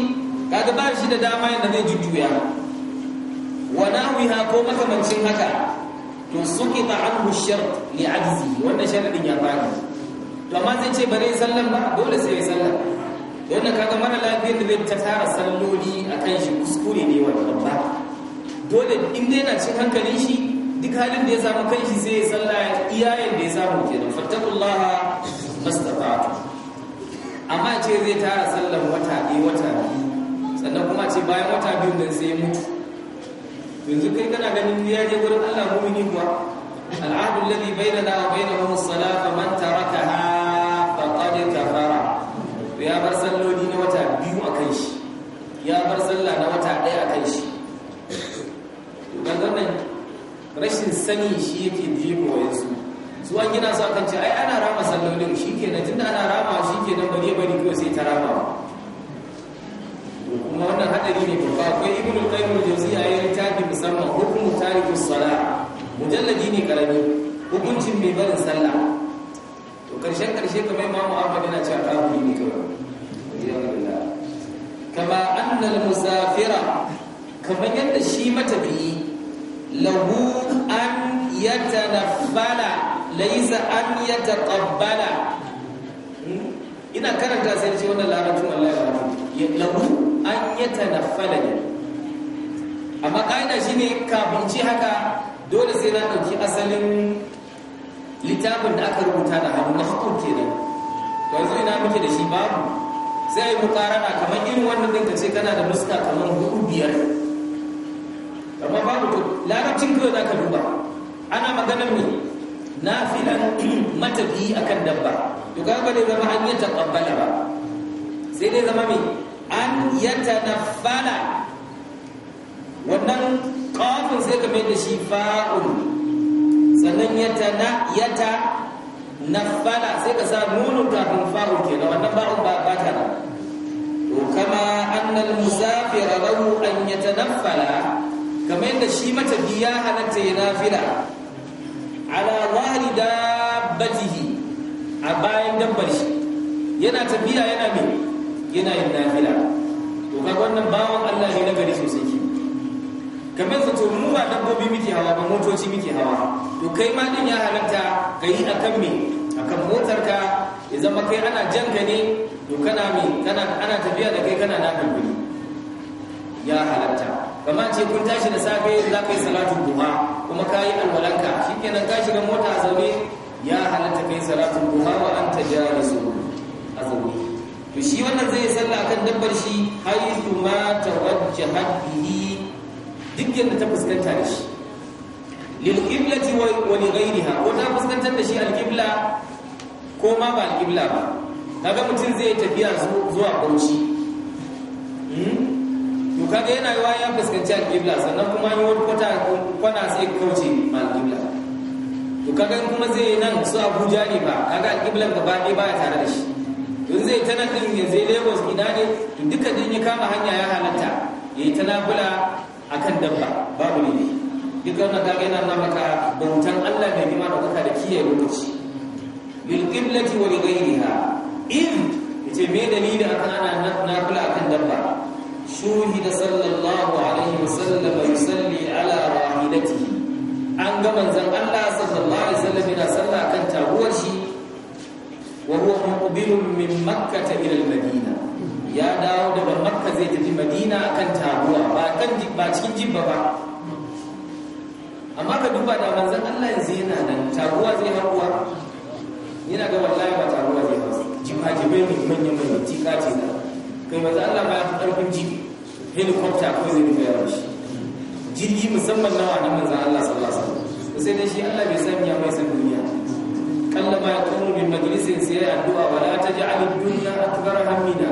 kaga ba shi da dama yadda zai jujjuya wa nahwiha ko makamancin haka to suqita anhu shart li ajzi wannan sharadin ya fadi amma zai ce bare sallan ba dole sai ya don wannan kaga mara lafiyar da bai ta tara salloli a kan shi kuskure ne wa ba dole in dai yana cin hankalin shi duk halin da ya samu kan shi sai ya salla iyayen da ya samu kenan fattakullaha mastata'tu amma ce zai tara sallan wata ɗaya wata biyu sannan kuma ce bayan wata biyu da sai ya mutu yanzu kai kana ganin ya je wurin Allah mu'mini kuwa al'adul ladhi na wa bainahum as-salatu man tarakaha to ya bar salloli na wata biyu a kan shi ya bar sallah na wata ɗaya a kan shi to nan rashin sani shi yake jefa yanzu. su an gina su akan ce ai ana rama sallolin shi ke na jinda ana rama shi ke na bari bari ko sai ta rama kuma wannan hadari ne babba akwai ibn al-qayyim al-jawziyya ya littafi musamman hukumu tariku salah mujalladi ne karami hukuncin mai barin sallah to karshen karshe kamar imamu ahmad yana cewa kafiri ne kawai والعياذ بالله كما أن المسافر كما يند شي متبي له أن يتنفل ليس أن يتقبل ina karanta sai ce wannan larabcin wallahi ya lahu an yatanaffala ne amma kaida shine kafin ci haka dole sai na dauki asalin littafin da aka rubuta da hannu na hukum kenan to yanzu ina muke da shi babu zai mukarana kamar irin wannan din ce kana da muska kamar hudu biyar amma babu to larabcin kawai ka duba ana maganar ne nafilan (clears throat) matafi akan dabba to ga ba dai zama an yi taqabbala ba sai dai zama mai an yatanaffala wannan qafin sai ka mai da shi fa'un sannan na yata nafala sai ka sa nunun kafin fa'u na wannan ba'u ba ba ta nan to kama annal musafir lahu an yatanaffala kamar yadda shi mata ya halatta ya nafila ala zahiri dabbatihi a bayan dabbar shi yana tafiya yana me yana yin nafila to ga wannan bawon Allah ne na gari sosai ki kamar zato mu ba dabbobi muke hawa ba motoci muke hawa to kai ma din ya halatta ka yi a kan me akan motarka ya zama kai ana jan ka ne to kana mai kana ana tafiya da kai kana kan guri ya halatta kamar ce kun tashi da safe za ka yi salatu duha kuma ka yi alwalanka kenan ka shiga mota a zaune ya halatta kai salatu duha wa an ta jari su a zaune to shi wannan zai salla akan dabbar shi su ma tawajjahat haɗi duk yadda ta fuskanta da shi lil kiblati wa li ghayriha ko ta fuskantar da shi al kibla ko ma ba alƙibla ba kaga mutum zai tafiya zuwa bauchi hmm? to kaga yana yawa ya fuskanci alƙibla sannan kuma yi wani kwata kwana sai kauce ma alƙibla to kaga kuma zai yi nan su abuja ne ba kaga alƙibla gaba ɗaya ba ya tare da shi don zai ta nan ya zai lagos ina ne to duka ɗin ya kama hanya ya halatta ya yi ta nafula a kan dabba babu ne duka wannan kaga yana nuna maka bautan allah mai nima da kuka da kiyaye lokaci bil qiblati wa li ghayriha in yace me dalili akan ana nafila akan dabba shuhida sallallahu alaihi wasallam yusalli ala rahilatihi an ga manzon Allah sallallahu alaihi wasallam yana sallah kan taguwar shi wa huwa muqbilun min makkah ila al-madina ya dawo daga makka zai tafi madina akan taguwa ba kan ba cikin jibba ba amma ka duba da manzon Allah yanzu yana nan taguwa zai haruwa yana ga wallahi ba taruwa zai ba jimajibai mai manyan manyan tika ce na kai maza Allah ba ya fi ƙarfin ji helicopter ko zai rufe yawan shi jirgi musamman nawa na manza Allah sallasa alaihi sai dai shi Allah bai sani ya mai san duniya kalla ma kuma min majalisin sai addu'a wala taj'al ad-dunya akbar hammina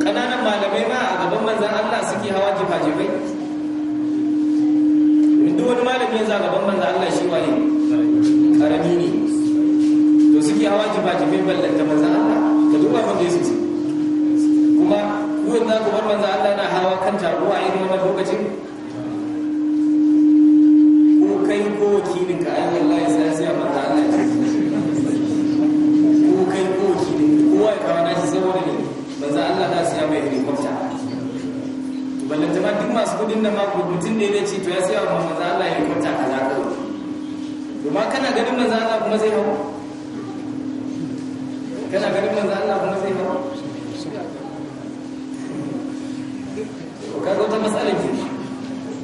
kananan malamai ma a gaban manzan Allah suke hawa jimajibai wani malami yanzu a gaban za Allah shi wani karami ne to suke hawa jibajibai ballanta manzo Allah ka duba mun da su kuma kuwan za ku bar manzo Allah na hawa kan jaruwa irin wani lokacin ko kai ko wakilin ka ayi Allah ya sa sai manzo Allah ko kai ko wakilin kowa ya kawo nashi saboda ne manzo Allah da su ya mai helicopter to ballanta ma duk masu kudin da ma mutum da ya ce to ya sai wa maza Allah ya kwanta kaza kawai to ma kana ganin maza Allah kuma sai hawo kana ganin manzo Allah kuma sai hawo to kaga wata matsala ke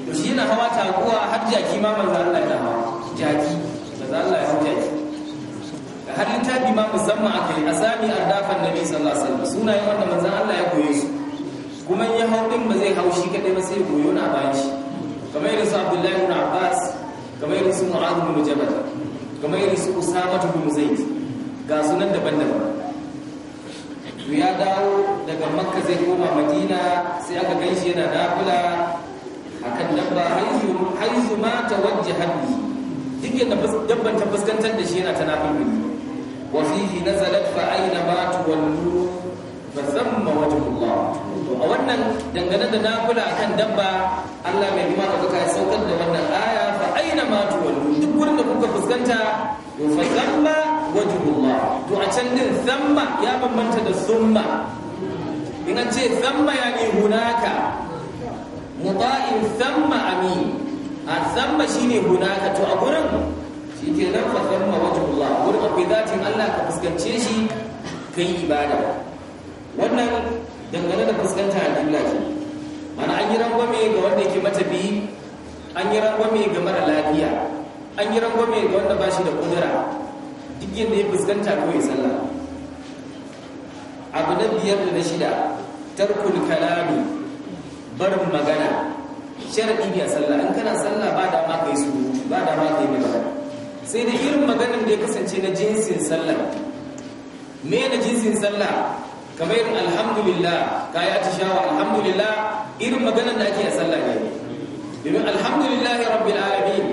to shi yana hawa ta kuwa har jaki ma maza Allah ya hawa jaki manzo Allah ya hawa jaki har littafi ma musamman aka yi asami ardafan nabi sallallahu alaihi wasallam sunayen wanda manzo Allah ya koye su kuma ya hau din ba zai hau shi kadai ba sai goyo na bayan shi kamar irin su Abdullahi ibn Abbas kamar irin su Mu'adh ibn Jabal kamar irin su Usama ibn Zaid ga sunan daban-daban to ya dawo daga Makka zai koma Madina sai aka shi yana nafila akan dabba haizu haizu ma tawajjahat duk yadda dabban ta fuskantar da shi yana ta nafila وفيه نزلت ba zan فثم وجه allah to a wannan dangane da nakula kan dabba Allah mai rima ɗaukaka ya saukar da wannan aya fa aina ma tuwallu duk wurin da kuka fuskanta to fa zamma wajhullah to a can din zamma ya bambanta da summa in an ce zamma ya ne hunaka muta'in zamma ami a zamma shine hunaka to a gurin shi ke nan fa zamma wajhullah gurin akwai zatin Allah ka fuskance shi kai ibada wannan dangane da fuskanta alƙibla ce mana an yi rangwame ga wanda yake biyi an yi rangwame ga mara lafiya an yi rangwame ga wanda ba shi da kudura duk yadda ya fuskanta kawai sallah abu na biyar da na shida tarkul kalami barin magana sharadi ne a sallah in kana sallah ba dama kai su ba dama kai magana sai da irin maganin da ya kasance na jinsin sallah me na jinsin sallah kamar irin alhamdulillah ka yi atishawa alhamdulillah irin maganar da ake a sallah ne domin alhamdulillahi rabbil alamin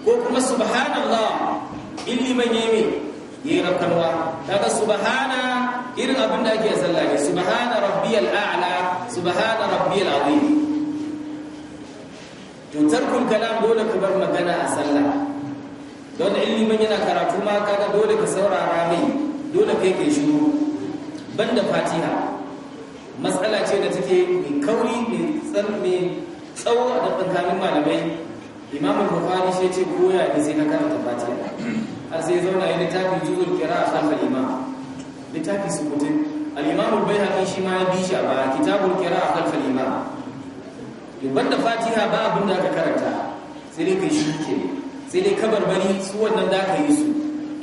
ko kuma subhanallah illi man yemi yayi rakkarwa daga subhana irin abin da ake a sallah ne subhana rabbi a'la subhana rabbi azim to tarkul kalam dole ka bar magana a sallah don illi man yana karatu ma kaga dole ka saurara mai dole kai kai shiru banda fatiha matsala ce da take mai kauri mai tsawo a tsakanin malamai imam bukhari shi ce koya da sai ka karanta fatiha har sai zauna ya littafin juzul a khalfal imam littafin su kutu imam bai haƙi shi ma ya bi shi ba kira a khalfal imam banda fatiha ba abin da aka karanta sai dai kai shi ke sai dai bari su wannan da aka yi su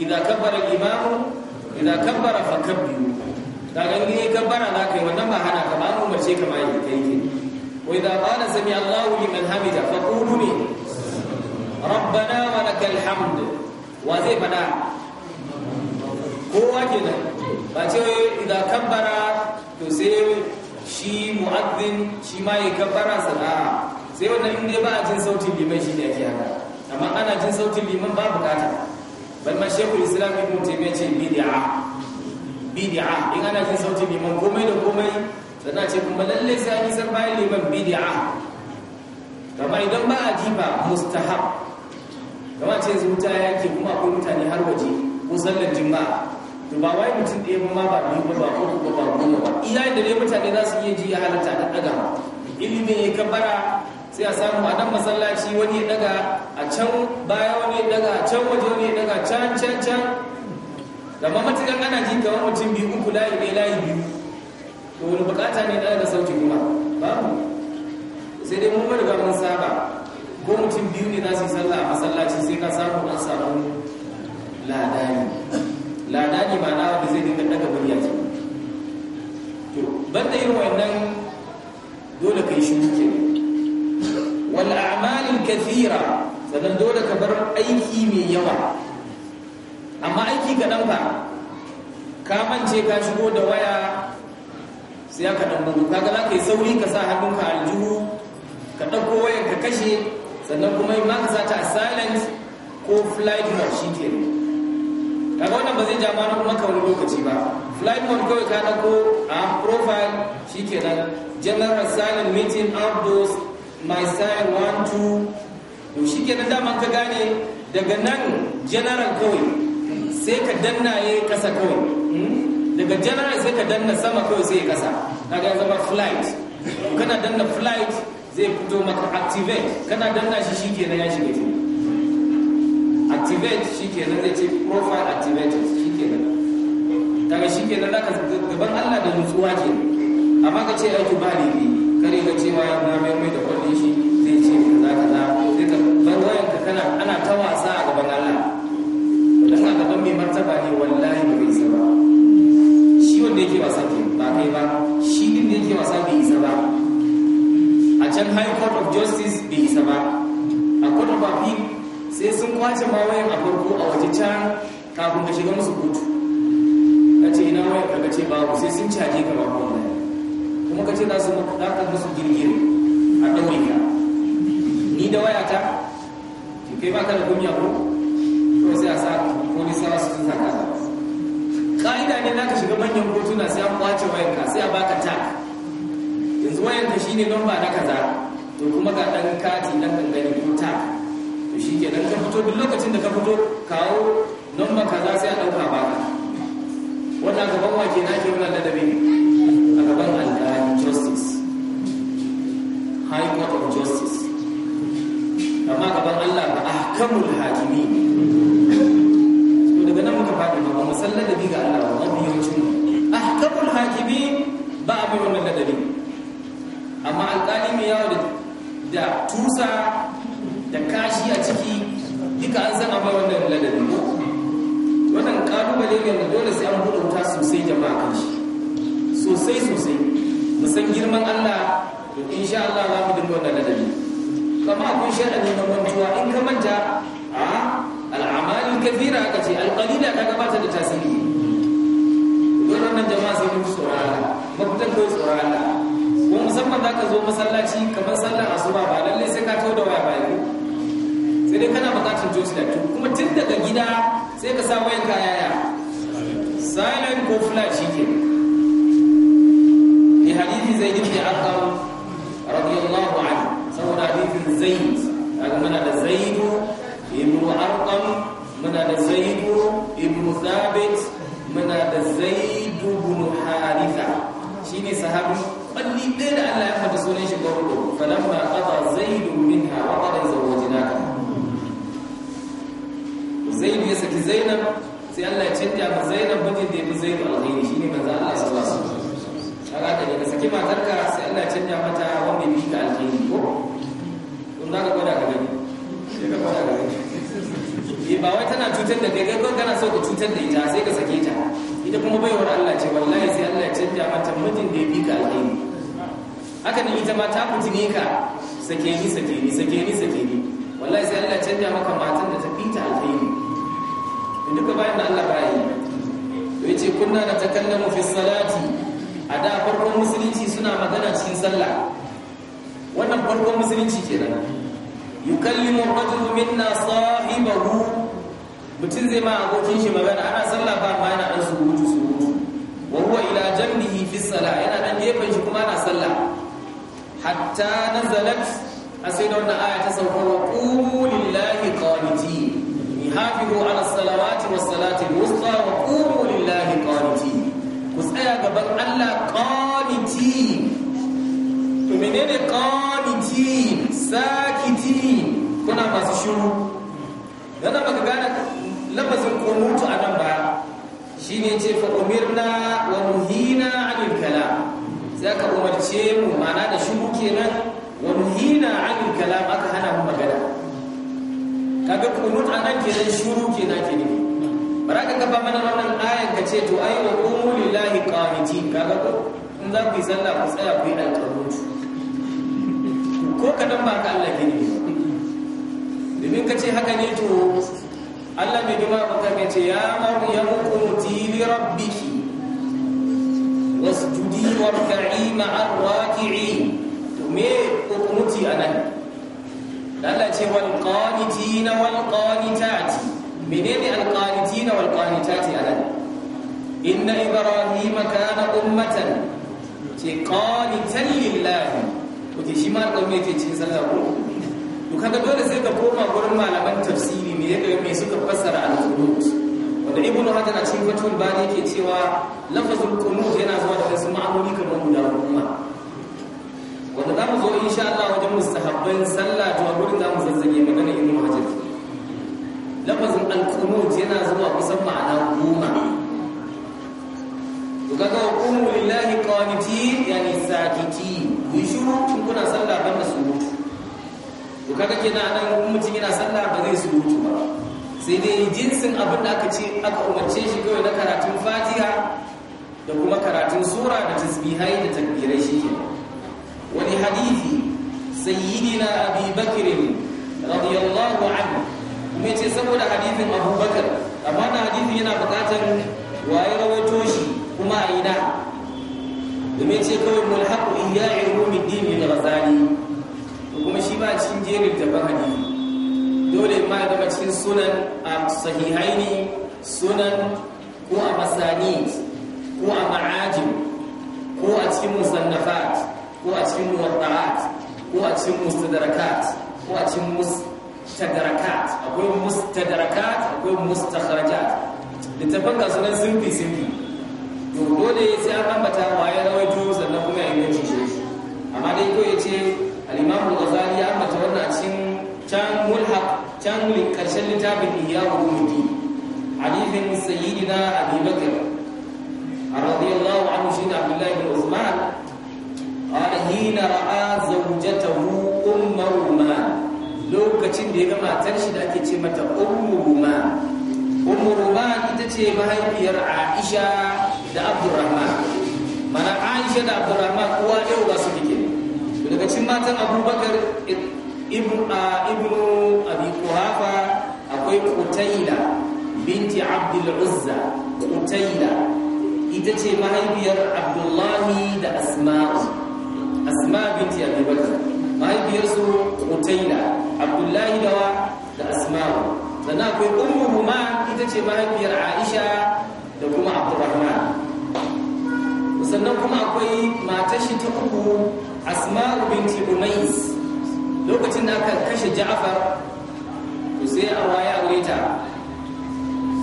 idan kabbara imamu idan kabbara fa biyu? da gini kan kabbara na kai wannan ba hana ka ba an umarce ka ma yi kai ke wai da qala sami Allahu liman hamida fa qulu ne rabbana wa lakal hamd wa zai fada kowa kenan ba ce idan kabbara to sai shi mu'azzin shi ma ya kabbara sana'a sai wannan inda ba a jin sautin liman shi ne ake haka amma ana jin sautin liman ba bukata bal ma shekul islam ibn taymiyyah ce bid'a bid'a in ana jin sautin liman komai da komai sannan ce kuma lalle sai an yi bayan liman bid'a kamar idan ba a ji ba mustahab kamar ce yanzu wuta ya ke kuma akwai mutane har waje ko sallar jima'a to ba wai mutum ɗaya ba ma ba biyu ba ba uku ba ba goma ba iya da dai mutane za su iya ji ya halatta da ɗaga ilimin ya kabara sai a samu a nan masallaci wani ya daga a can baya wani ya daga a can waje wani ya daga can can can zama matukan ana jin kamar mutum biyu uku layi ɗaya layi biyu to wani bukata ne da aka sauki kuma mu. sai dai mun riga mun saba ko mutum biyu ne za su yi sallah a masallaci sai ka samu an samu ladani ladani ba na wanda zai dinga daga murya ce to da yin wannan dole ka yi shi ke wal amalin kathira sannan dole ka bar aiki mai yawa amma aiki kaɗan ba ka mance ka shigo da waya sai aka ɗan bugu kaga za ka yi sauri ka sa hannunka aljihu ka ɗauko wayan ka kashe sannan kuma ma ka sa a silent ko flight mode shi ke kaga wannan ba zai ja ma kuma ka wani lokaci ba flight mode kawai ka ɗauko a profile shi ke nan general silent meeting outdoors my sign one two to shi ke nan daman ka gane daga nan general kawai sai ka danna ya kasa kawai hmm? daga general sai ka danna sama kawai sai ya kasa daga ya zama flight kana danna flight zai fito maka activate kana danna shi shikenan ya shiga ciki activate shikenan zai ce profile daga shi kaga shikenan zaka gaban Allah da nutsuwa ke amma ka ce aiki ba ne kare ka cewa na mai mai da kwallon shi zai ce kaza kaza sai ka za ka kana ana ta saba ne wallahi ba isa ba shi wanda yake wasa ke ba kai ba shi din da yake wasa bai isa ba a can high court of justice bai isa ba a court of appeal sai sun kwace ma wayan a farko a waje can kafin ka shiga musu kotu ka ce ina wayan ka ce babu sai sun caje ka ba kuma kuma ka ce za su maka musu girgiri a ɗaure ka ni da wayata kai ba ka da kunya ko sai a sa polisa za su tuta ka ka'ida ne za ka shiga manyan kotuna sai an kwace wayanka sai a baka ta yanzu wayanka shine lamba na kaza to kuma ga dan kati na gangane ko ta to shi ke nan ka fito duk lokacin da ka fito kawo lamba kaza sai a ɗauka baka wannan gaban wake na ke wannan ladabi a gaban allah justice high court of justice amma gaban Allah ba ahkamul hakimi wannan ladabi ga Allah ba mafi mu ahkamul ba a bi wannan ladabi amma alƙali mai yawo da tusa da kashi a ciki duka an san bai wannan ladabi wannan kalubale ne da dole sai an buɗe wuta sosai jama'a a shi sosai sosai mu san girman Allah to insha Allah za mu dinga wannan ladabi kamar akwai sharadi na mantuwa in ka manta kathira aka ce alƙalila ta gabata da tasiri don wannan jama'a sai mun saurara mutum ko saurara ko musamman da ka zo masallaci kamar sallar asuba ba lalle sai ka tawo da waya ba sai dai kana bukatun josi da kuma tun daga gida sai ka sa wayan ka yaya silent ko shi ke Ni hadisi zai yi arqam radiyallahu anhu saboda hadisin zaid kaga mana da zaidu ibnu arqam muna da zaidu ibn thabit muna da zaidu ibn haritha shine sahabin balli ɗaya da Allah ya faɗi sunan shi gwargo falamma qada zaidun minha wa qada zawajnaka zaidu ya saki zainab sai Allah ya canja ma zainab mijin da ya fi zaidu alkhairi shine manzo Allah ya sallallahu alaihi wasallam kaga da ka saki matarka sai Allah ya canja mata wanda ya fi alkhairi ko kun zaka gwada ka gani sai ka gwada ka gani ne eh, ba wai tana cutar da kai kai kana so ka cutar da ita sai ka sake ta ita kuma baiwar Allah ce wallahi sai Allah ya canja mata mijin da ya bi ka alheri haka nan ita ma ta ne ka sake ni sake ni sake ni sake ni wallahi sai Allah ya canja maka matan da ta fi ta alheri duka bayan da Allah bayi to yace kunna na takallamu fi salati a da farkon musulunci suna magana cikin sallah wannan farkon musulunci kenan yukallimu rajulu minna sahibahu mutum zai ma abokin shi magana ana sallah ba ma yana dan surutu surutu wa huwa ila jambihi fi salah yana dan gefen shi kuma ana sallah hatta nazalat sai da wannan aya ta sauka wa qumu lillahi qanitin hafizu ala salawati was salati wusta wa qumu lillahi qanitin ku tsaya gaban Allah qanitin to menene qanitin sakiti kuna masu shiru yana baka gane lafazin kunutu a nan ba shi ne ce fa umirna wa nuhina anil kalam za ka umarce mu mana da muke nan wa nuhina anil kalam aka hana mu magana kaga kunut a nan kenan shiru kenan ke ne bara ka kafa mana wannan ayan ka ce to ai wa qumu lillahi qanitin kaga ko in za ku yi sallah ku tsaya ku yi alqanut ko kadan ba ka Allah ke ne domin ka ce haka ne to Allah mai girma bakar ya ce ya maryamu qunuti li rabbiki wasjudi warka'i ma'ar raki'in to me qunuti anan Allah ce wal qanitina wal qanitati menene al qanitina wal qanitati anan inna ibrahima kana ummatan ce qanitan lillahi to shi ma yake cikin to kaga dole sai ka koma gurin malaman tafsiri me yake me suka fassara al-qunut wanda ibnu hajar a cikin fatul bani yake cewa lafazul qunut yana zuwa da wasu ma'anoni kamar guda goma wanda za zamu zo insha Allah wajen mustahabban sallah to gurin zamu zazzage magana ibnu hajar lafazin al-qunut yana zuwa kusan ma'ana goma to kaga qumu lillahi qanitin yani sakitin yushuru kun kuna sallah banda su to kaga kenan anan mutum yana sallah ba zai surutu ba sai dai jinsin abin da aka ce aka umarce shi kawai na karatun fatiha da kuma karatun sura da tasbihai da takbirai shi wani hadisi sayyidina abi bakr radiyallahu anhu kuma yace saboda abu abubakar amma na hadisi yana bukatar waye rawaito shi kuma a ina domin ce kawai mulhaqu iya dini al-ghazali ba a cikin jerin da hadisi dole ma ya zama cikin sunan a sahihaini sunan ko a masani ko a ma'ajin ko a cikin musannafat ko a cikin muwadda'at ko a cikin mustadrakat ko a cikin mustadrakat akwai mustadrakat akwai mustakharajat littafin ga sunan sunfi sunfi to dole sai an ambata ya rawaito sannan kuma ya yi shi amma dai ko ya ce al-imam al ya ambata wannan a cikin can mulhaq can mulin karshen littafin iyawu ulumuddin hadithin sayyidina abi bakr radiyallahu anhu shi ne abdullahi bin usman qala hina ra'a zawjatahu ummu ruman lokacin da ya ga matar shi da ake ce mata ummu ruman ummu ruman ita ce mahaifiyar aisha da abdurrahman mana aisha da abdurrahman uwa yau ba su daga cikin matan abubakar ibnu abi kuhafa akwai kutaila binti abdul uzza kutaila ita ce mahaifiyar abdullahi da asma'u asma binti abi bakar mahaifiyarsu kutaila abdullahi dawa da asma'u sannan akwai ummu huma ita ce mahaifiyar aisha da kuma abdurrahman sannan kuma akwai matar shi ta uku asma'u binti umais lokacin da aka kashe ja'far to sai a waya aure ta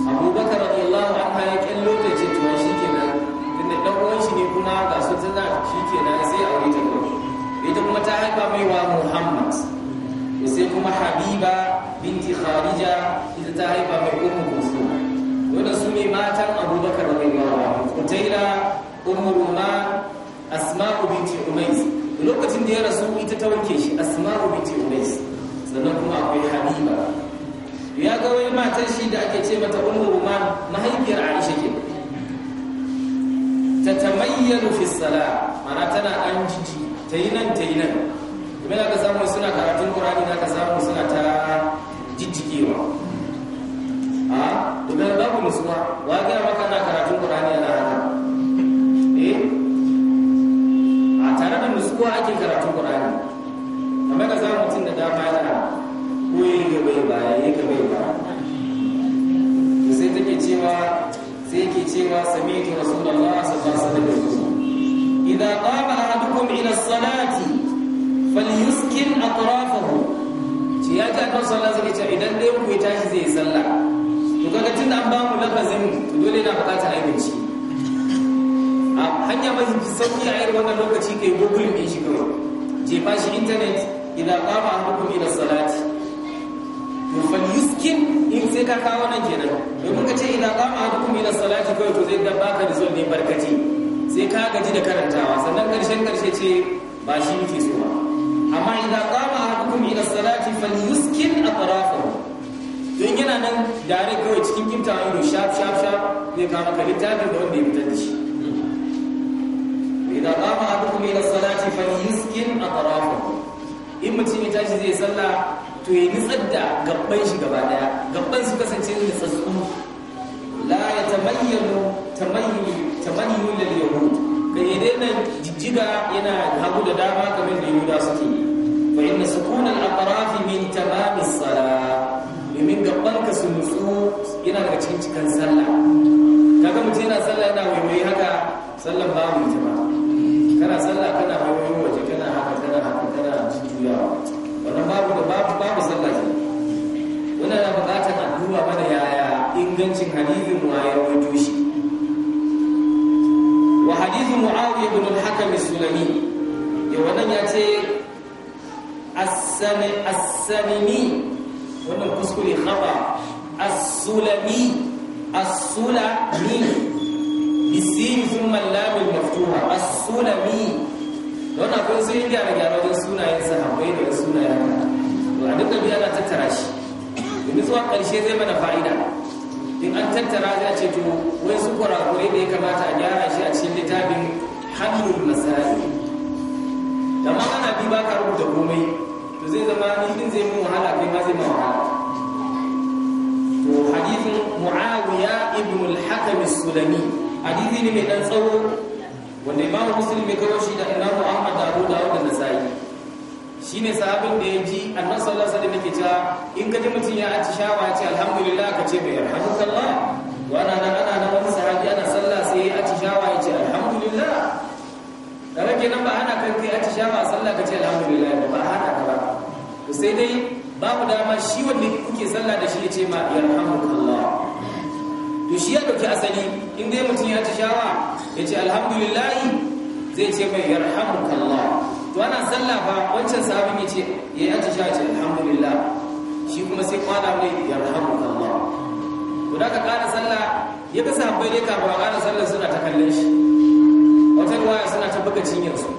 abubakar radiyallahu anha ya kallo ta ce to shikenan tunda dan uwan shi ne kuma ga su tana kenan sai a aure ta ita kuma ta haifa mai wa muhammad sai kuma habiba binti kharija ita ta haifa mai ummu kulsum wannan su ne matan abubakar radiyallahu anhu kutaila ummu ruman asma'u binti umais lokacin da ya rasu ita ta wanke shi asma'u binti umais sannan kuma akwai habiba ya ga wai matar shi da ake ce mata ummu ruman mahaifiyar aisha ke ta tamayyalu fi sala mana tana an jiji ta yi nan ta yi nan kuma ya ka samu suna karatun qur'ani na ka samu suna ta jijjigewa a domin babu musuwa wa ga maka na karatun qur'ani na haka eh tare da nutsuwa ake karatun Qur'ani amma ka samu mutum da dama yana koyi ga bai ba yayi ga bai ba to sai take cewa sai yake cewa sami'tu rasulullah sallallahu alaihi wasallam idza qama ahadukum ila as-salati falyuskin atrafahu ce ya ta kan sallah zai ce idan dai ku tashi zai sallah to kaga tunda an ba mu lafazin dole na buƙatar abinci hanya mai sauki a irin wannan lokaci kai google ne shi je ba shi internet idan qama ahadukum ila salati fal yuskin in sai ka kawo nan kenan domin ka ce idan qama ahadukum ila salati kawai to zai dan baka da zuwa ne barkaci sai ka gaji da karantawa sannan karshen karshe ce ba shi muke so ba amma idan qama ahadukum ila salati fal yuskin tarafa don yana nan da kawai cikin kimtawa ido shaf shaf shaf zai kama ka littafin da wanda ya fitar da shi idan qama ahadukum ila salati falyiskin atrafahu in mutum ya tashi zai sallah to ya nitsar da gabban shi gaba daya gabban su kasance da nitsatsu la ya tamayyalu tamayyul tamayyul lil yahud kai daina jijjiga yana hagu da dama kamar da yahuda suke fa inna sukun al atraf min tamam as salah domin gabban ka su nutsu yana daga cikin cikan sallah kaga mutum yana sallah yana waiwaye haka sallan babu jama'a kana sallah kana hanyoyin waje kana haka kana haka kana jujjuyawa wannan babu da babu babu sallah ke wannan yana buƙatar a duba mana yaya ingancin hadisin wa ya rawaito shi wa hadisin mu'awiya ibn al-hakam as-sulami ya wannan ya ce as-sami as-salimi wannan kuskure khata as-sulami as-sulami bisin thumma lam al-maftuha as-sulami don akwai sun yi gyara gyara wajen sunayen sahabbai da sunayen to a duka biya na tattara shi domin zuwa ƙarshe zai mana fa'ida in an tattara zai ce to wai su kurakurai da ya kamata a gyara shi a cikin littafin hannun masari da ma ana bi ba ka rubuta komai to zai zama ni din zai mun wahala kai ma zai ma wahala to hadithin muawiya ibn al-hakam as-sulami hadisi ne mai dan tsawo wanda imam muslim ya kawo shi da imam ahmad da abu dawud da nasa'i shine sahabin da ya ji annabi sallallahu alaihi wasallam yake in ka ji mutum ya ci shawa ya ce alhamdulillah ka ce bai alhamdulillah wa ana nan ana nan wani sahabi ana sallah sai ya ci shawa ya ce alhamdulillah da rage nan ba ana kan kai ci shawa sallah ka ce alhamdulillah ba hana ka ba to sai dai babu dama shi wanda kuke sallah da shi ya ce ma alhamdulillah. yushi ya dauki asali in dai mutum ya ci shawa ya ce alhamdulillah zai ce mai yarhamukallah to ana sallah ba wancan sabon ya ce ya yi atisha ce alhamdulillah shi kuma sai kwana mai yarhamukallah to da ka kara sallah ya ga sahabbai dai kafin a kara sallah suna ta kallon shi wata ruwaya suna ta buga cinyarsu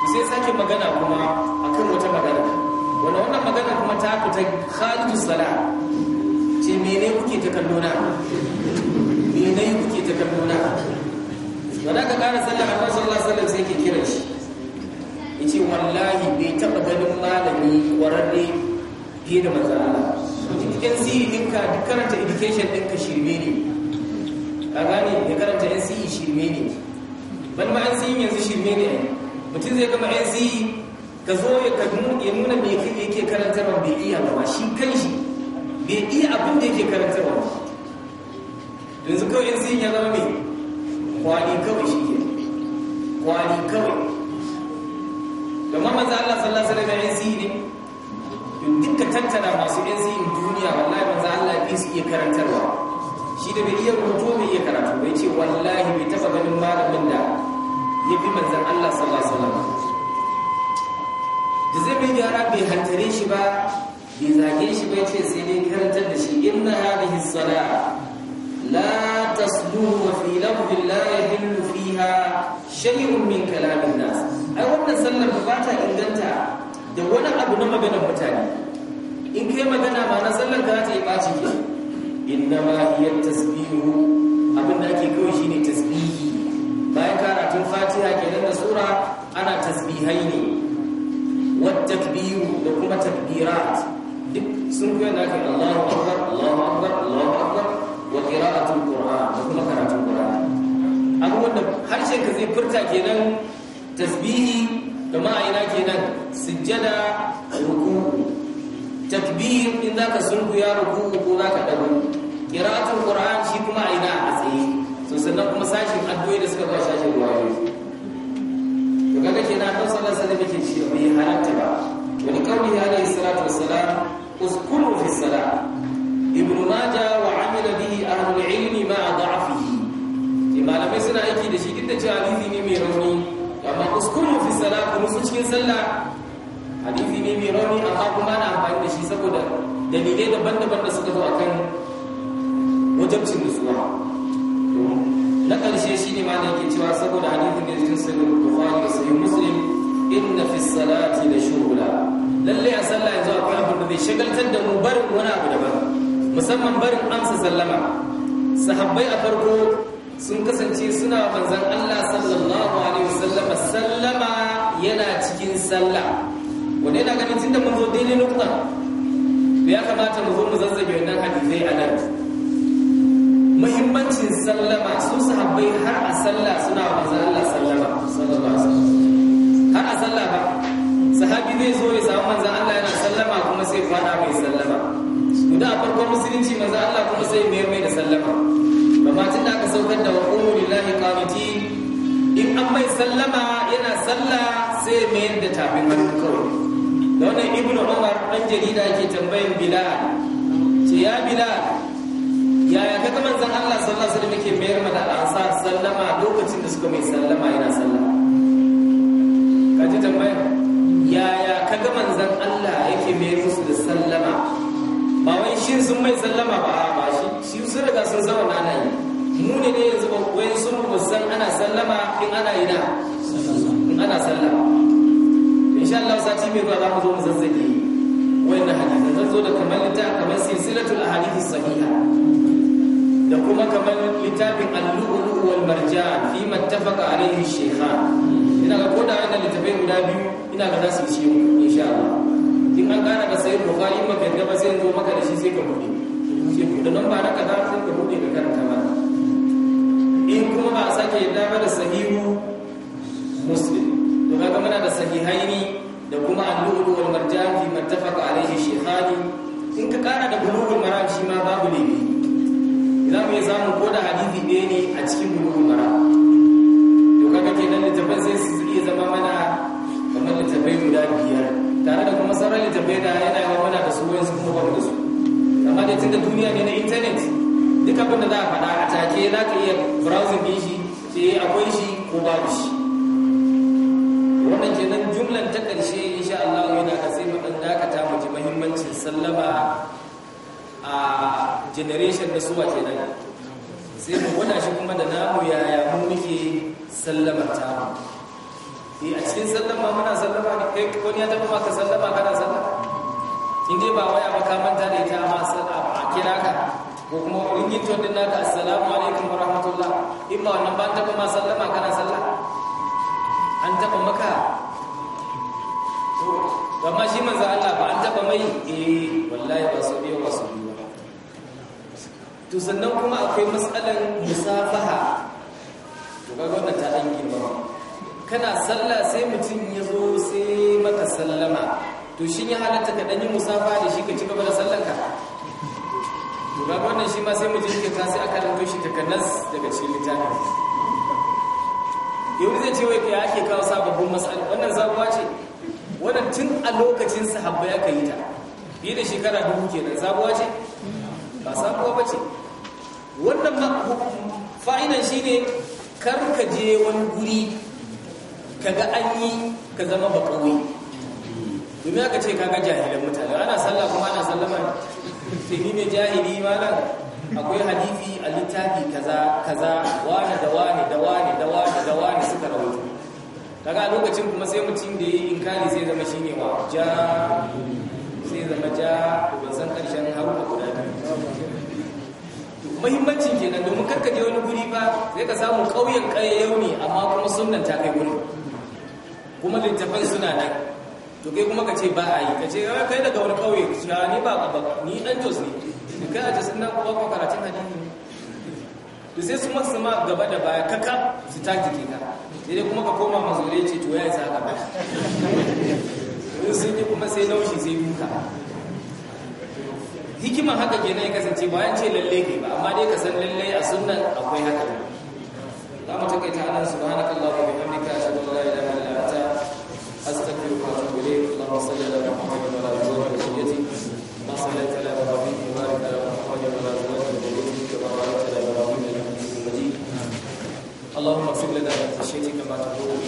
to sai sake magana kuma akan wata magana wannan wannan magana kuma ta fita khalidu salah mene kuke ta kallo na mene kuke ta kallo na ba za ka kara sallar a rasu Allah sai ke kira shi ya ce wallahi bai taɓa ganin malami wararre fiye da manzan cikin siyi e ɗinka duk karanta education ɗinka shirme ne a gane ya karanta yan siyi e shirme ne ban ma yan siyi e yanzu shirme ne mutum zai gama yan siyi ka zo ya nuna me yake karanta ban bai iya ba shi kan shi bai iya abin da yake karantarwa ba yanzu kawai yanzu ya zama mai kwani kawai shi ke kwani kawai domin maza Allah sallallahu alaihi wasallam yanzu ne yin duka tattara masu yanzu yin duniya wallahi maza Allah bai su iya karantarwa shi da bai iya rubutu bai iya karatu bai ce wallahi bai taba ganin malamin da ya fi manzan Allah sallallahu alaihi wasallam da zai bai gyara bai hantare shi ba bai zage shi bai ce sai dai karantar da shi inna hadhihi sala'a la tasluhu wa fi lafdin la yahillu fiha shay'un min kalamin nas ai wannan sallar ba ta inganta da wani abu na maganar mutane in kai magana ma na sallar ka ta yi baci ke inna ma hiya tasbihu abin da ake kawai shine tasbihi bayan karatun fatiha kenan da sura ana tasbihai ne wa takbiru da kuma takbirat duk sun koyar da kan Allahu akbar Allahu akbar Allahu akbar wa qira'atul qur'an da kuma karatun qur'an abubuwan da harshe ka zai furta kenan tasbihi da ma'aina kenan sujjada ruku'u takbir in zaka sunkuya ruku'u ko zaka dago qira'atul qur'an shi kuma aina a tsaye to sannan kuma sashin addu'o'i da suka ba sashin ruwayoyi to kaga kenan Allah sallallahu alaihi wasallam yake cewa bai halatta ba wani kauli alayhi salatu wassalam اذكروا في الصلاة ابن ilmi وعمل به أهل العلم مع ضعفه ما لم يسنا أيكي دشي كنت حديثي نمي روني أما اذكروا في الصلاة كنسو cikin sallah hadisi ne mai rauni amma kuma na amfani da shi saboda dalilai daban-daban da suka zo akan wajabcin nutsuwa na ƙarshe shi ne mana yake cewa saboda hadisin da jikin sahih bukhari da sahih muslim inna fi salati la shughla lalle a sallah yanzu a kwanan da zai shagaltar da mu barin wani abu daban musamman barin amsa sallama sahabbai a farko sun kasance suna manzan Allah sallallahu alaihi wasallam sallama yana cikin sallah wanda yana ganin tunda mun zo daidai nukta ya kamata mu zo mu zazzabe wannan hadisai a nan muhimmancin sallama su sahabbai har a sallah suna manzan Allah sallama sallallahu alaihi wasallam har a sallah ba sahabi zai zo ya samu manzan Allah yana sallama kuma sai fada mai sallama to a farkon musulunci manzan Allah kuma sai mai mai da sallama ba ma tun da aka saukar da waqulu lillahi qaniti in an mai sallama yana salla sai mai da tafin hannu kawai da wannan ibn umar dan jarida yake tambayin bila ce ya bila, yaya ga manzan Allah sallallahu alaihi wasallam yake mayar da ansar sallama lokacin da suka mai sallama yana sallama kaji tambayar yaya ka ga manzan Allah yake mai musu da sallama ba wai shi sun mai sallama ba ba shi shi sun riga sun zama na yi mu ne ne yanzu ba wai sun mu san ana sallama in ana yi na in ana sallama insha Allah sati mai zuwa za mu zo mu zazzage wannan hadisi zan zo da kamar ta kamar silsilatul ahadithis sahiha da kuma kamar littafin al-lu'lu' wal marjan fi mattafaqa alayhi shaykhan ina ga koda wannan littafin guda biyu ina ka nasu ce mu insha Allah in an kana ka sai bukhari ma baka yadda ba sai zo maka da shi sai ka bude sai ku da nan ba na da sai ka bude ka karanta ba in kuma ba a sake yadda ba da sahihu muslim to ga kuma da sahihaini da kuma al lughu wal marjan fi mattafaqa alayhi shaykhani in ka kana da bulughul maram shi ma babu ne idan mu ya samu ko da hadisi ne a cikin bulughul maram tare da kuma sauran littattafai da yana ga muna da su wayan su kuma da su amma dai da duniya ne na intanet duk abin da za a faɗa a take za ka iya browsing din shi ce akwai shi ko babu shi wannan kenan jumlan ta ƙarshe insha Allah yana da sai mu dan dakata mu ji muhimmancin sallama a generation da suwa kenan sai mu gwada shi kuma da namu yaya mu muke sallamar ta eh a cikin sallama ma muna sallama ne kai wani ya taɓa maka sallama kana sallama in dai ba waya ba ka manta da ita ma sallama a kira ka ko kuma ringin to din naka assalamu alaikum wa rahmatullah in ma wannan ba an taɓa ma sallama kana sallah an taɓa maka to amma shi manzo Allah ba an taɓa mai eh wallahi ba su biyo ba su biyo to sannan kuma akwai matsalan musafaha to kaga wannan ta dan ba? kana sallah sai mutum ya zo sai maka sallama to shi ya halatta ka ɗanyi musafa da shi ka ci gaba da sallanka to ga wannan shi ma sai mu tasi sai aka ranto shi takanas daga cikin littafin yau zai ce wai ka ke kawo sababbin matsala wannan sabuwa ce wannan tun a lokacin sahabba ya kai ta fiye da shekara dubu kenan sabuwa ce ba sabuwa ba ce wannan fa'inan shine kar ka je wani guri kaga an yi ka zama ba ƙauye domin aka ce kaga jahilan mutane ana sallah kuma ana sallama ce ni ne jahili malam akwai hadisi a littafi kaza kaza wane da wane da wane da wane da wane suka rawaito kaga lokacin kuma sai mutum da yi inkari sai zama ne wa ja sai zama ja ban san karshen da guda muhimmancin kenan domin karka je wani guri ba sai ka samu ƙauyen ƙayyau ne amma kuma sunan ta kai guri kuma littafin suna nan to kai kuma ka ce ba a yi ka ce ah, kai daga wani kauye ka ah, ni ba ba ni dan jos ne kai a jos na kuma ko karatun hadisi to sai su masu ma gaba da baya kaka su ta jike ka sai dai kuma ka koma mazulai ce to ya isa ka ba in sun yi kuma sai laushi sai duka hikiman haka kenan ya kasance bayan ce lalle ne ba amma dai ka san lalle a sunan akwai haka za mu takaita anan subhanakallahumma wa bihamdika ashhadu an la ilaha أستغفرك وأتوب إليك اللهم صل على محمد وعلى أزواجه وذريته ما صليت على إبراهيم وبارك على محمد وعلى أزواجه وذريته كما باركت على إبراهيم إنك حميد مجيد اللهم اغفر لنا من خشيتك ما تقول